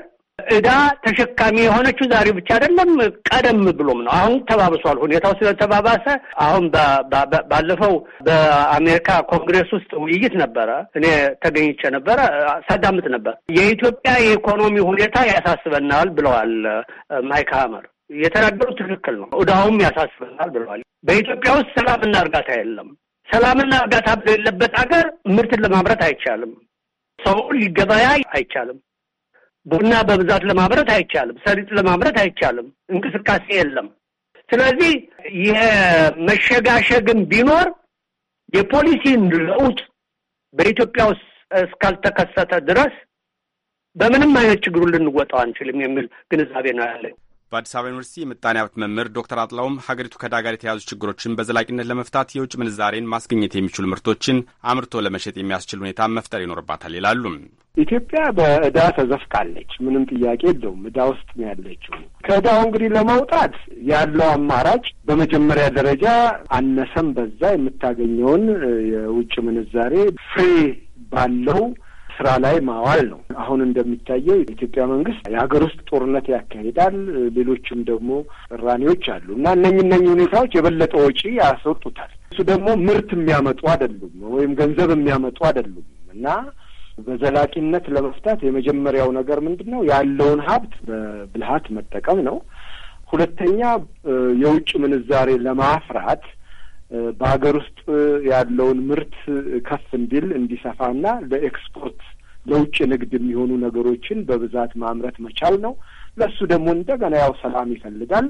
እዳ ተሸካሚ የሆነችው ዛሬ ብቻ አይደለም፣ ቀደም ብሎም ነው። አሁን ተባብሷል ሁኔታው ስለተባባሰ፣ አሁን ባለፈው በአሜሪካ ኮንግሬስ ውስጥ ውይይት ነበረ። እኔ ተገኝቼ ነበረ፣ ሳዳምጥ ነበር። የኢትዮጵያ የኢኮኖሚ ሁኔታ ያሳስበናል ብለዋል ማይክ ሀመር። የተናገሩት ትክክል ነው። እዳውም ያሳስበናል ብለዋል። በኢትዮጵያ ውስጥ ሰላምና እርጋታ የለም። ሰላምና እርጋታ የሌለበት ሀገር ምርትን ለማምረት አይቻልም። ሰው ሊገበያ አይቻልም። ቡና በብዛት ለማምረት አይቻልም። ሰሊጥ ለማምረት አይቻልም። እንቅስቃሴ የለም። ስለዚህ የመሸጋሸግም ቢኖር የፖሊሲን ለውጥ በኢትዮጵያ ውስጥ እስካልተከሰተ ድረስ በምንም አይነት ችግሩ ልንወጣው አንችልም የሚል ግንዛቤ ነው ያለኝ። በአዲስ አበባ ዩኒቨርሲቲ የምጣኔ ሀብት መምህር ዶክተር አጥላውም ሀገሪቱ ከዕዳ ጋር የተያዙ ችግሮችን በዘላቂነት ለመፍታት የውጭ ምንዛሬን ማስገኘት የሚችሉ ምርቶችን አምርቶ ለመሸጥ የሚያስችል ሁኔታ መፍጠር ይኖርባታል ይላሉ። ኢትዮጵያ በእዳ ተዘፍቃለች። ምንም ጥያቄ የለውም። እዳ ውስጥ ነው ያለችው። ከእዳው እንግዲህ ለመውጣት ያለው አማራጭ በመጀመሪያ ደረጃ አነሰም በዛ የምታገኘውን የውጭ ምንዛሬ ፍሬ ባለው ስራ ላይ ማዋል ነው። አሁን እንደሚታየው የኢትዮጵያ መንግስት የሀገር ውስጥ ጦርነት ያካሂዳል። ሌሎችም ደግሞ ቅራኔዎች አሉ እና እነኝ እነኝ ሁኔታዎች የበለጠ ወጪ ያስወጡታል። እሱ ደግሞ ምርት የሚያመጡ አይደሉም ወይም ገንዘብ የሚያመጡ አይደሉም እና በዘላቂነት ለመፍታት የመጀመሪያው ነገር ምንድን ነው? ያለውን ሀብት በብልሃት መጠቀም ነው። ሁለተኛ የውጭ ምንዛሬ ለማፍራት በሀገር ውስጥ ያለውን ምርት ከፍ እንዲል እንዲሰፋና ለኤክስፖርት ለውጭ ንግድ የሚሆኑ ነገሮችን በብዛት ማምረት መቻል ነው። ለሱ ደግሞ እንደገና ያው ሰላም ይፈልጋል።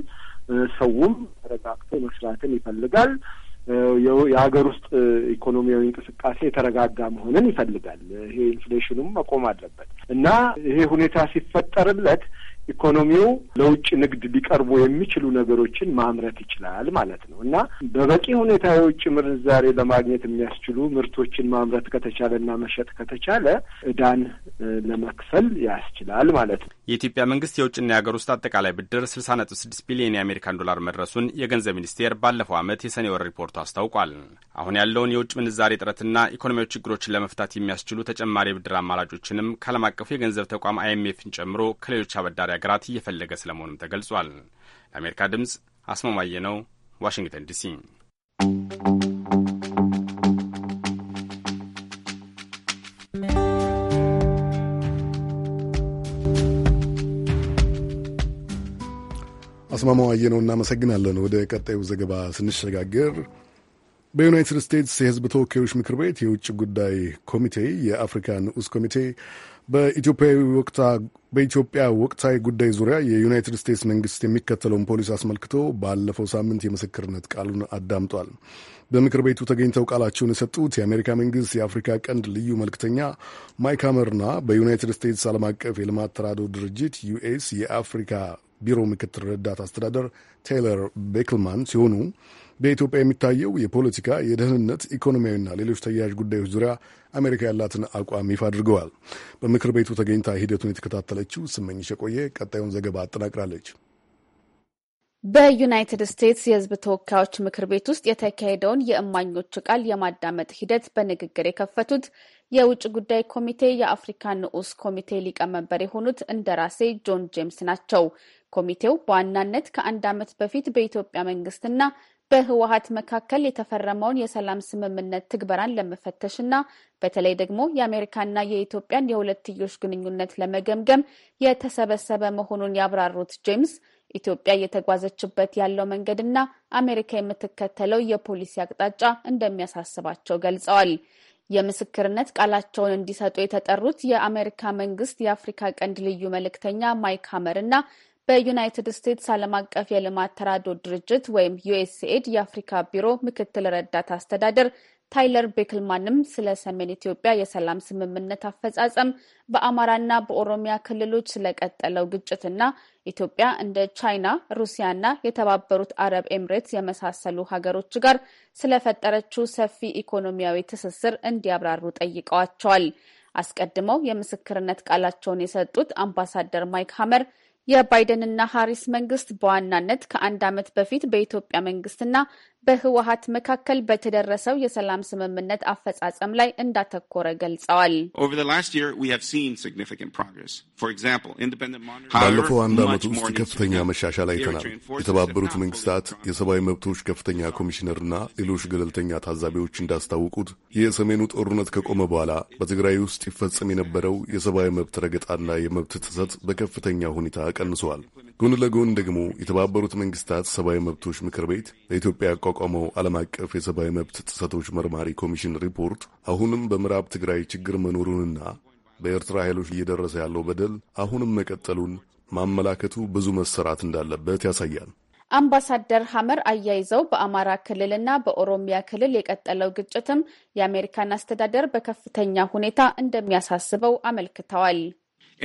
ሰውም ተረጋግቶ መስራትን ይፈልጋል። የሀገር ውስጥ ኢኮኖሚያዊ እንቅስቃሴ የተረጋጋ መሆንን ይፈልጋል። ይሄ ኢንፍሌሽኑም መቆም አለበት እና ይሄ ሁኔታ ሲፈጠርለት ኢኮኖሚው ለውጭ ንግድ ሊቀርቡ የሚችሉ ነገሮችን ማምረት ይችላል ማለት ነው እና በበቂ ሁኔታ የውጭ ምንዛሬ ለማግኘት የሚያስችሉ ምርቶችን ማምረት ከተቻለ እና መሸጥ ከተቻለ እዳን ለመክፈል ያስችላል ማለት ነው። የኢትዮጵያ መንግስት የውጭና የሀገር ውስጥ አጠቃላይ ብድር ስልሳ ነጥብ ስድስት ቢሊዮን የአሜሪካን ዶላር መድረሱን የገንዘብ ሚኒስቴር ባለፈው ዓመት የሰኔ ወር ሪፖርቱ አስታውቋል። አሁን ያለውን የውጭ ምንዛሬ እጥረትና ኢኮኖሚያዊ ችግሮችን ለመፍታት የሚያስችሉ ተጨማሪ የብድር አማራጮችንም ከዓለም አቀፉ የገንዘብ ተቋም አይኤምኤፍን ጨምሮ ከሌሎች አበዳሪ ሀገራት እየፈለገ ስለመሆኑም ተገልጿል። ለአሜሪካ ድምፅ አስማማየ ነው፣ ዋሽንግተን ዲሲ። አስማማው አየነው እናመሰግናለን። ወደ ቀጣዩ ዘገባ ስንሸጋገር በዩናይትድ ስቴትስ የሕዝብ ተወካዮች ምክር ቤት የውጭ ጉዳይ ኮሚቴ የአፍሪካ ንዑስ ኮሚቴ በኢትዮጵያ ወቅታዊ ጉዳይ ዙሪያ የዩናይትድ ስቴትስ መንግስት የሚከተለውን ፖሊስ አስመልክቶ ባለፈው ሳምንት የምስክርነት ቃሉን አዳምጧል። በምክር ቤቱ ተገኝተው ቃላቸውን የሰጡት የአሜሪካ መንግስት የአፍሪካ ቀንድ ልዩ መልክተኛ ማይክ ሀመርና በዩናይትድ ስቴትስ ዓለም አቀፍ የልማት ተራድኦ ድርጅት ዩኤስ የአፍሪካ ቢሮ ምክትል ረዳት አስተዳደር ቴይለር ቤክልማን ሲሆኑ በኢትዮጵያ የሚታየው የፖለቲካ የደህንነት፣ ኢኮኖሚያዊና ሌሎች ተያያዥ ጉዳዮች ዙሪያ አሜሪካ ያላትን አቋም ይፋ አድርገዋል። በምክር ቤቱ ተገኝታ ሂደቱን የተከታተለችው ስመኝሽ የቆየ ቀጣዩን ዘገባ አጠናቅራለች። በዩናይትድ ስቴትስ የሕዝብ ተወካዮች ምክር ቤት ውስጥ የተካሄደውን የእማኞቹ ቃል የማዳመጥ ሂደት በንግግር የከፈቱት የውጭ ጉዳይ ኮሚቴ የአፍሪካ ንዑስ ኮሚቴ ሊቀመንበር የሆኑት እንደራሴ ጆን ጄምስ ናቸው። ኮሚቴው በዋናነት ከአንድ ዓመት በፊት በኢትዮጵያ መንግስትና በህወሀት መካከል የተፈረመውን የሰላም ስምምነት ትግበራን ለመፈተሽና በተለይ ደግሞ የአሜሪካና የኢትዮጵያን የሁለትዮሽ ግንኙነት ለመገምገም የተሰበሰበ መሆኑን ያብራሩት ጄምስ ኢትዮጵያ እየተጓዘችበት ያለው መንገድና አሜሪካ የምትከተለው የፖሊሲ አቅጣጫ እንደሚያሳስባቸው ገልጸዋል። የምስክርነት ቃላቸውን እንዲሰጡ የተጠሩት የአሜሪካ መንግስት የአፍሪካ ቀንድ ልዩ መልእክተኛ ማይክ ሀመር እና በዩናይትድ ስቴትስ ዓለም አቀፍ የልማት ተራድኦ ድርጅት ወይም ዩኤስኤድ የአፍሪካ ቢሮ ምክትል ረዳት አስተዳደር ታይለር ቤክልማንም ስለ ሰሜን ኢትዮጵያ የሰላም ስምምነት አፈጻጸም በአማራና በኦሮሚያ ክልሎች ስለቀጠለው ግጭትና ኢትዮጵያ እንደ ቻይና፣ ሩሲያና የተባበሩት አረብ ኤምሬትስ የመሳሰሉ ሀገሮች ጋር ስለፈጠረችው ሰፊ ኢኮኖሚያዊ ትስስር እንዲያብራሩ ጠይቀዋቸዋል። አስቀድመው የምስክርነት ቃላቸውን የሰጡት አምባሳደር ማይክ ሀመር የባይደንና ሀሪስ መንግስት በዋናነት ከአንድ ዓመት በፊት በኢትዮጵያ መንግስትና በህወሀት መካከል በተደረሰው የሰላም ስምምነት አፈጻጸም ላይ እንዳተኮረ ገልጸዋል። ባለፈው አንድ ዓመት ውስጥ ከፍተኛ መሻሻል አይተናል። የተባበሩት መንግስታት የሰብአዊ መብቶች ከፍተኛ ኮሚሽነርና ሌሎች ገለልተኛ ታዛቢዎች እንዳስታወቁት የሰሜኑ ጦርነት ከቆመ በኋላ በትግራይ ውስጥ ይፈጸም የነበረው የሰብአዊ መብት ረገጣና የመብት ጥሰት በከፍተኛ ሁኔታ ቀንሰዋል። ጎን ለጎን ደግሞ የተባበሩት መንግስታት ሰብአዊ መብቶች ምክር ቤት ለኢትዮጵያ የተቋቋመው ዓለም አቀፍ የሰብአዊ መብት ጥሰቶች መርማሪ ኮሚሽን ሪፖርት አሁንም በምዕራብ ትግራይ ችግር መኖሩንና በኤርትራ ኃይሎች እየደረሰ ያለው በደል አሁንም መቀጠሉን ማመላከቱ ብዙ መሰራት እንዳለበት ያሳያል። አምባሳደር ሀመር አያይዘው በአማራ ክልልና በኦሮሚያ ክልል የቀጠለው ግጭትም የአሜሪካን አስተዳደር በከፍተኛ ሁኔታ እንደሚያሳስበው አመልክተዋል።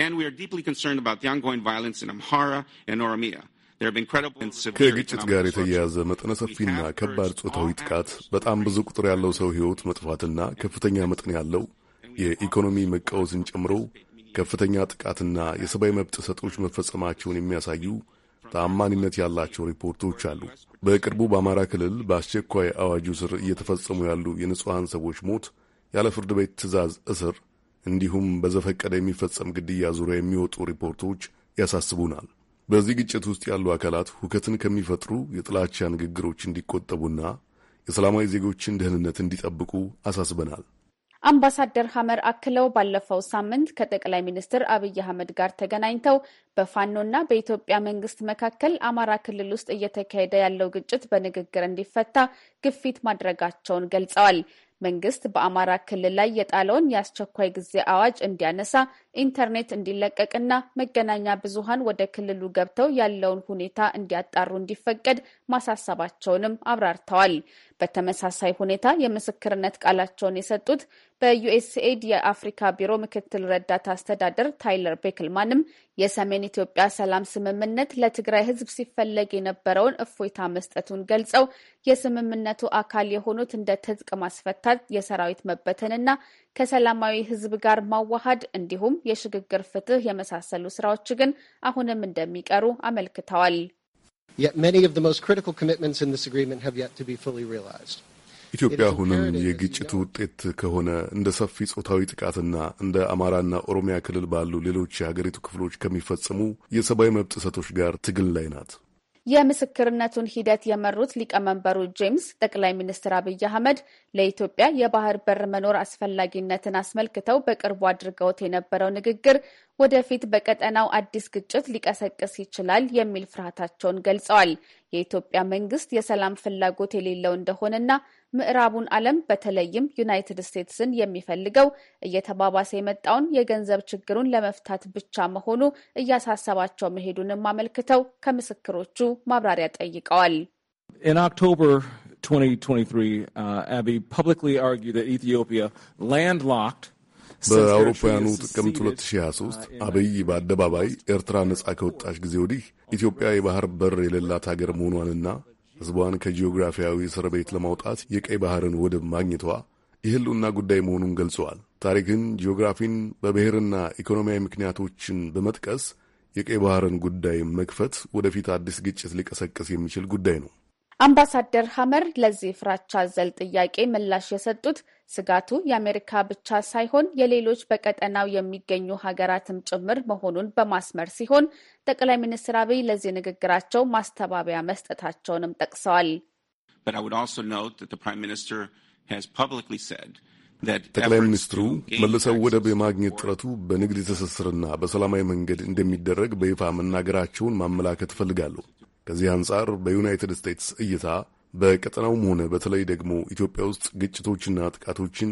And we are deeply concerned about the ongoing violence in Amhara and Oromia. ከግጭት ጋር የተያያዘ መጠነ ሰፊና ከባድ ጾታዊ ጥቃት በጣም ብዙ ቁጥር ያለው ሰው ሕይወት መጥፋትና ከፍተኛ መጠን ያለው የኢኮኖሚ መቃወስን ጨምሮ ከፍተኛ ጥቃትና የሰብአዊ መብት ጥሰቶች መፈጸማቸውን የሚያሳዩ ተአማኒነት ያላቸው ሪፖርቶች አሉ። በቅርቡ በአማራ ክልል በአስቸኳይ አዋጁ ስር እየተፈጸሙ ያሉ የንጹሐን ሰዎች ሞት፣ ያለ ፍርድ ቤት ትእዛዝ እስር፣ እንዲሁም በዘፈቀደ የሚፈጸም ግድያ ዙሪያ የሚወጡ ሪፖርቶች ያሳስቡናል። በዚህ ግጭት ውስጥ ያሉ አካላት ሁከትን ከሚፈጥሩ የጥላቻ ንግግሮች እንዲቆጠቡና የሰላማዊ ዜጎችን ደህንነት እንዲጠብቁ አሳስበናል። አምባሳደር ሐመር አክለው ባለፈው ሳምንት ከጠቅላይ ሚኒስትር አብይ አህመድ ጋር ተገናኝተው በፋኖና በኢትዮጵያ መንግስት መካከል አማራ ክልል ውስጥ እየተካሄደ ያለው ግጭት በንግግር እንዲፈታ ግፊት ማድረጋቸውን ገልጸዋል። መንግስት በአማራ ክልል ላይ የጣለውን የአስቸኳይ ጊዜ አዋጅ እንዲያነሳ ኢንተርኔት እንዲለቀቅና መገናኛ ብዙሃን ወደ ክልሉ ገብተው ያለውን ሁኔታ እንዲያጣሩ እንዲፈቀድ ማሳሰባቸውንም አብራርተዋል። በተመሳሳይ ሁኔታ የምስክርነት ቃላቸውን የሰጡት በዩኤስኤድ የአፍሪካ ቢሮ ምክትል ረዳት አስተዳደር ታይለር ቤክልማንም የሰሜን ኢትዮጵያ ሰላም ስምምነት ለትግራይ ሕዝብ ሲፈለግ የነበረውን እፎይታ መስጠቱን ገልጸው የስምምነቱ አካል የሆኑት እንደ ትጥቅ ማስፈታት፣ የሰራዊት መበተንና ከሰላማዊ ህዝብ ጋር ማዋሃድ እንዲሁም የሽግግር ፍትህ የመሳሰሉ ስራዎች ግን አሁንም እንደሚቀሩ አመልክተዋል። ኢትዮጵያ አሁንም የግጭቱ ውጤት ከሆነ እንደ ሰፊ ጾታዊ ጥቃትና እንደ አማራና ኦሮሚያ ክልል ባሉ ሌሎች የሀገሪቱ ክፍሎች ከሚፈጸሙ የሰብአዊ መብት ጥሰቶች ጋር ትግል ላይ ናት። የምስክርነቱን ሂደት የመሩት ሊቀመንበሩ ጄምስ ጠቅላይ ሚኒስትር አብይ አህመድ ለኢትዮጵያ የባህር በር መኖር አስፈላጊነትን አስመልክተው በቅርቡ አድርገውት የነበረው ንግግር ወደፊት በቀጠናው አዲስ ግጭት ሊቀሰቅስ ይችላል የሚል ፍርሃታቸውን ገልጸዋል። የኢትዮጵያ መንግስት የሰላም ፍላጎት የሌለው እንደሆነና ምዕራቡን ዓለም በተለይም ዩናይትድ ስቴትስን የሚፈልገው እየተባባሰ የመጣውን የገንዘብ ችግሩን ለመፍታት ብቻ መሆኑ እያሳሰባቸው መሄዱንም አመልክተው ከምስክሮቹ ማብራሪያ ጠይቀዋል። In 2023, አቢ Abiy አርጊ ኢትዮጵያ ላንድ ሎክድ በአውሮፓውያኑ ጥቅምት 2023 ah, አብይ በአደባባይ ኤርትራ ነጻ ከወጣች ጊዜ ወዲህ ኢትዮጵያ የባህር በር የሌላት ሀገር መሆኗንና ሕዝቧን ከጂኦግራፊያዊ እስር ቤት ለማውጣት የቀይ ባህርን ወደብ ማግኘቷ የህልውና ጉዳይ መሆኑን ገልጸዋል። ታሪክን፣ ጂኦግራፊን በብሔርና ኢኮኖሚያዊ ምክንያቶችን በመጥቀስ የቀይ ባህርን ጉዳይ መክፈት ወደፊት አዲስ ግጭት ሊቀሰቅስ የሚችል ጉዳይ ነው። አምባሳደር ሐመር ለዚህ ፍራቻ ዘል ጥያቄ ምላሽ የሰጡት ስጋቱ የአሜሪካ ብቻ ሳይሆን የሌሎች በቀጠናው የሚገኙ ሀገራትም ጭምር መሆኑን በማስመር ሲሆን ጠቅላይ ሚኒስትር አብይ ለዚህ ንግግራቸው ማስተባበያ መስጠታቸውንም ጠቅሰዋል። ጠቅላይ ሚኒስትሩ መልሰው ወደብ የማግኘት ጥረቱ በንግድ ትስስርና በሰላማዊ መንገድ እንደሚደረግ በይፋ መናገራቸውን ማመላከት እፈልጋለሁ። ከዚህ አንጻር በዩናይትድ ስቴትስ እይታ በቀጠናውም ሆነ በተለይ ደግሞ ኢትዮጵያ ውስጥ ግጭቶችና ጥቃቶችን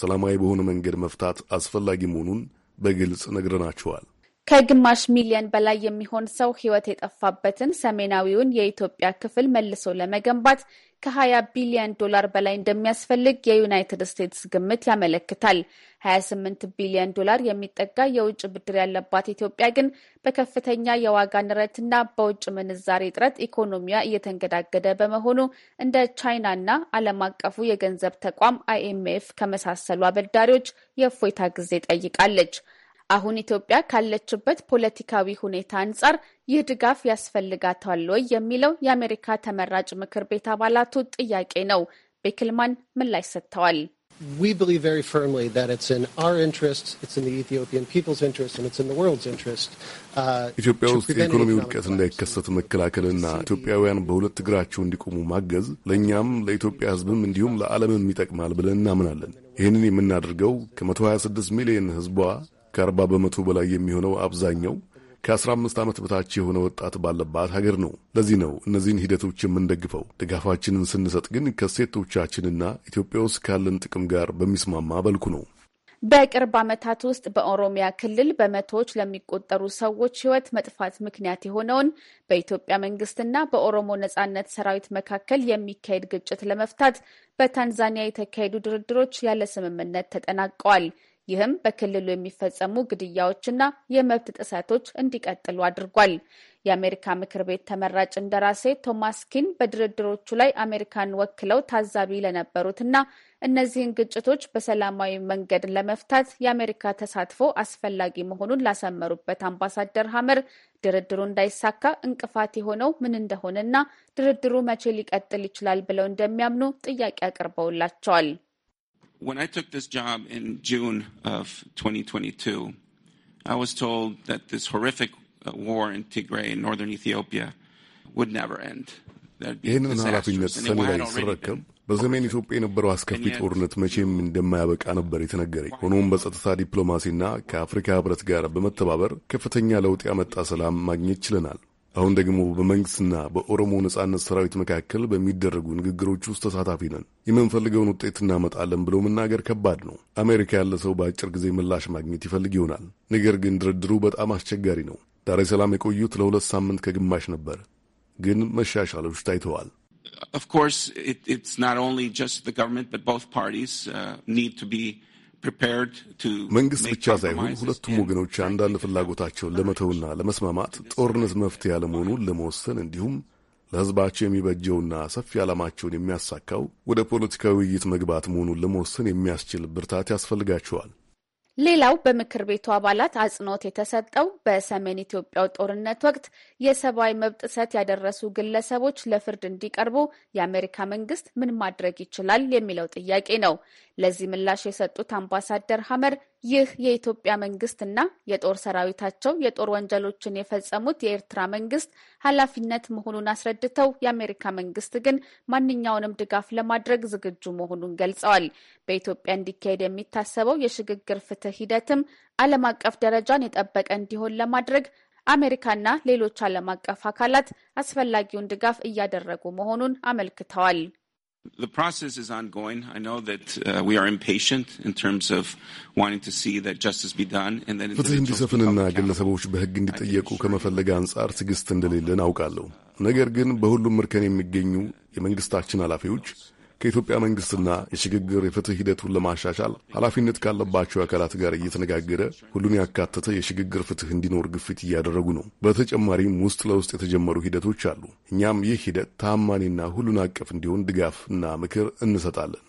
ሰላማዊ በሆነ መንገድ መፍታት አስፈላጊ መሆኑን በግልጽ ነግረናቸዋል። ከግማሽ ሚሊዮን በላይ የሚሆን ሰው ሕይወት የጠፋበትን ሰሜናዊውን የኢትዮጵያ ክፍል መልሶ ለመገንባት ከ20 ቢሊዮን ዶላር በላይ እንደሚያስፈልግ የዩናይትድ ስቴትስ ግምት ያመለክታል። 28 ቢሊዮን ዶላር የሚጠጋ የውጭ ብድር ያለባት ኢትዮጵያ ግን በከፍተኛ የዋጋ ንረትና በውጭ ምንዛሬ እጥረት ኢኮኖሚዋ እየተንገዳገደ በመሆኑ እንደ ቻይናና ዓለም አቀፉ የገንዘብ ተቋም አይኤምኤፍ ከመሳሰሉ አበዳሪዎች የእፎይታ ጊዜ ጠይቃለች። አሁን ኢትዮጵያ ካለችበት ፖለቲካዊ ሁኔታ አንጻር ይህ ድጋፍ ያስፈልጋታል ወይ የሚለው የአሜሪካ ተመራጭ ምክር ቤት አባላቱ ጥያቄ ነው። ቤክልማን ምላሽ ሰጥተዋል። uh, ኢትዮጵያ ውስጥ የኢኮኖሚ ውድቀት እንዳይከሰት መከላከልና ኢትዮጵያውያን በሁለት እግራቸው እንዲቆሙ ማገዝ ለእኛም ለኢትዮጵያ ሕዝብም እንዲሁም ለዓለምም ይጠቅማል ብለን እናምናለን። ይህንን የምናደርገው ከ126 ሚሊዮን ሕዝቧ ከ40 በመቶ በላይ የሚሆነው አብዛኛው ከ15 ዓመት በታች የሆነ ወጣት ባለባት ሀገር ነው። ለዚህ ነው እነዚህን ሂደቶች የምንደግፈው። ድጋፋችንን ስንሰጥ ግን ከሴቶቻችንና ኢትዮጵያ ውስጥ ካለን ጥቅም ጋር በሚስማማ መልኩ ነው። በቅርብ ዓመታት ውስጥ በኦሮሚያ ክልል በመቶዎች ለሚቆጠሩ ሰዎች ሕይወት መጥፋት ምክንያት የሆነውን በኢትዮጵያ መንግስትና በኦሮሞ ነጻነት ሰራዊት መካከል የሚካሄድ ግጭት ለመፍታት በታንዛኒያ የተካሄዱ ድርድሮች ያለ ስምምነት ተጠናቀዋል። ይህም በክልሉ የሚፈጸሙ ግድያዎችና የመብት ጥሰቶች እንዲቀጥሉ አድርጓል። የአሜሪካ ምክር ቤት ተመራጭ እንደራሴ ቶማስ ኪን በድርድሮቹ ላይ አሜሪካን ወክለው ታዛቢ ለነበሩትና እነዚህን ግጭቶች በሰላማዊ መንገድ ለመፍታት የአሜሪካ ተሳትፎ አስፈላጊ መሆኑን ላሰመሩበት አምባሳደር ሀመር ድርድሩ እንዳይሳካ እንቅፋት የሆነው ምን እንደሆነና ድርድሩ መቼ ሊቀጥል ይችላል ብለው እንደሚያምኑ ጥያቄ አቅርበውላቸዋል። when I took this job in June of 2022, I was told that this horrific war in Tigray, in northern Ethiopia, would never end. ይህንን ኃላፊነት ሰኔ ላይ ስረከብ በሰሜን ኢትዮጵያ የነበረው አስከፊ ጦርነት መቼም እንደማያበቃ ነበር የተነገረኝ። ሆኖም በጸጥታ ዲፕሎማሲና ከአፍሪካ ሕብረት ጋር በመተባበር ከፍተኛ ለውጥ ያመጣ ሰላም ማግኘት ችለናል። አሁን ደግሞ በመንግስትና በኦሮሞ ነጻነት ሰራዊት መካከል በሚደረጉ ንግግሮች ውስጥ ተሳታፊ ነን። የምንፈልገውን ውጤት እናመጣለን ብሎ መናገር ከባድ ነው። አሜሪካ ያለ ሰው በአጭር ጊዜ ምላሽ ማግኘት ይፈልግ ይሆናል። ነገር ግን ድርድሩ በጣም አስቸጋሪ ነው። ዳሬ ሰላም የቆዩት ለሁለት ሳምንት ከግማሽ ነበር፣ ግን መሻሻሎች ታይተዋል። ኦፍ ኮርስ ኢትስ ናት ኦንሊ ጀስት ዘ በት ፓርቲስ ኒድ ቱ ቢ መንግስት ብቻ ሳይሆን ሁለቱም ወገኖች አንዳንድ ፍላጎታቸውን ለመተውና ለመስማማት ጦርነት መፍትሄ ያለመሆኑን ለመወሰን እንዲሁም ለህዝባቸው የሚበጀውና ሰፊ ዓላማቸውን የሚያሳካው ወደ ፖለቲካዊ ውይይት መግባት መሆኑን ለመወሰን የሚያስችል ብርታት ያስፈልጋቸዋል። ሌላው በምክር ቤቱ አባላት አጽንኦት የተሰጠው በሰሜን ኢትዮጵያው ጦርነት ወቅት የሰብአዊ መብት ጥሰት ያደረሱ ግለሰቦች ለፍርድ እንዲቀርቡ የአሜሪካ መንግስት ምን ማድረግ ይችላል የሚለው ጥያቄ ነው። ለዚህ ምላሽ የሰጡት አምባሳደር ሀመር ይህ የኢትዮጵያ መንግስትና የጦር ሰራዊታቸው የጦር ወንጀሎችን የፈጸሙት የኤርትራ መንግስት ኃላፊነት መሆኑን አስረድተው የአሜሪካ መንግስት ግን ማንኛውንም ድጋፍ ለማድረግ ዝግጁ መሆኑን ገልጸዋል። በኢትዮጵያ እንዲካሄድ የሚታሰበው የሽግግር ፍትህ ሂደትም ዓለም አቀፍ ደረጃን የጠበቀ እንዲሆን ለማድረግ አሜሪካና ሌሎች ዓለም አቀፍ አካላት አስፈላጊውን ድጋፍ እያደረጉ መሆኑን አመልክተዋል። The process is ongoing. I know that uh, we are impatient in terms of wanting to see that justice be done and then ፍትህ እንዲሰፍንና ግለሰቦች በሕግ እንዲጠየቁ ከመፈለግ አንጻር ትዕግስት እንደሌለ እናውቃለሁ። ነገር ግን በሁሉም እርከን የሚገኙ የመንግስታችን ኃላፊዎች ከኢትዮጵያ መንግስትና የሽግግር የፍትህ ሂደቱን ለማሻሻል ኃላፊነት ካለባቸው አካላት ጋር እየተነጋገረ ሁሉን ያካተተ የሽግግር ፍትህ እንዲኖር ግፊት እያደረጉ ነው። በተጨማሪም ውስጥ ለውስጥ የተጀመሩ ሂደቶች አሉ። እኛም ይህ ሂደት ታማኒና ሁሉን አቀፍ እንዲሆን ድጋፍ እና ምክር እንሰጣለን።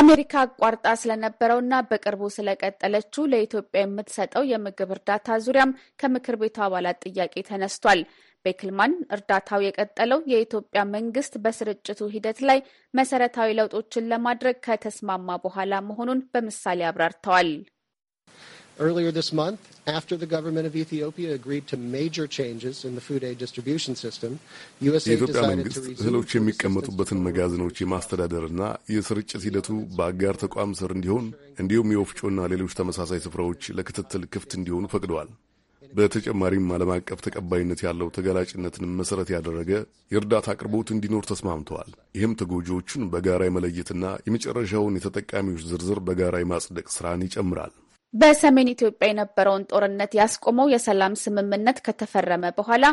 አሜሪካ አቋርጣ ስለነበረውና በቅርቡ ስለቀጠለችው ለኢትዮጵያ የምትሰጠው የምግብ እርዳታ ዙሪያም ከምክር ቤቱ አባላት ጥያቄ ተነስቷል። ቤክልማን እርዳታው የቀጠለው የኢትዮጵያ መንግስት በስርጭቱ ሂደት ላይ መሰረታዊ ለውጦችን ለማድረግ ከተስማማ በኋላ መሆኑን በምሳሌ አብራርተዋል። Earlier this month, after the government of Ethiopia agreed to major changes in the food aid distribution system, የኢትዮጵያ መንግስት እህሎች የሚቀመጡበትን መጋዘኖች የማስተዳደርና የስርጭት ሂደቱ በአጋር ተቋም ስር እንዲሆን እንዲሁም የወፍጮና ሌሎች ተመሳሳይ ስፍራዎች ለክትትል ክፍት እንዲሆኑ ፈቅደዋል። በተጨማሪም ዓለም አቀፍ ተቀባይነት ያለው ተጋላጭነትን መሰረት ያደረገ የእርዳታ አቅርቦት እንዲኖር ተስማምተዋል። ይህም ተጎጂዎቹን በጋራ የመለየትና የመጨረሻውን የተጠቃሚዎች ዝርዝር በጋራ የማጽደቅ ስራን ይጨምራል። በሰሜን ኢትዮጵያ የነበረውን ጦርነት ያስቆመው የሰላም ስምምነት ከተፈረመ በኋላ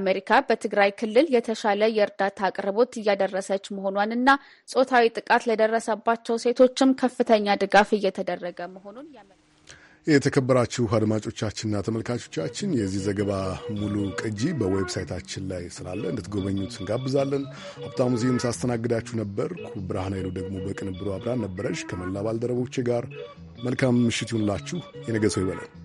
አሜሪካ በትግራይ ክልል የተሻለ የእርዳታ አቅርቦት እያደረሰች መሆኗንና ጾታዊ ጥቃት ለደረሰባቸው ሴቶችም ከፍተኛ ድጋፍ እየተደረገ መሆኑን የተከበራችሁ አድማጮቻችንና ተመልካቾቻችን የዚህ ዘገባ ሙሉ ቅጂ በዌብሳይታችን ላይ ስላለ እንድትጎበኙት እንጋብዛለን። ሀብታሙ ዚህም ሳስተናግዳችሁ ነበርኩ። ብርሃን ኃይሉ ደግሞ በቅንብሩ አብራን ነበረች። ከመላ ባልደረቦቼ ጋር መልካም ምሽት ይሁንላችሁ። የነገ ሰው ይበለን።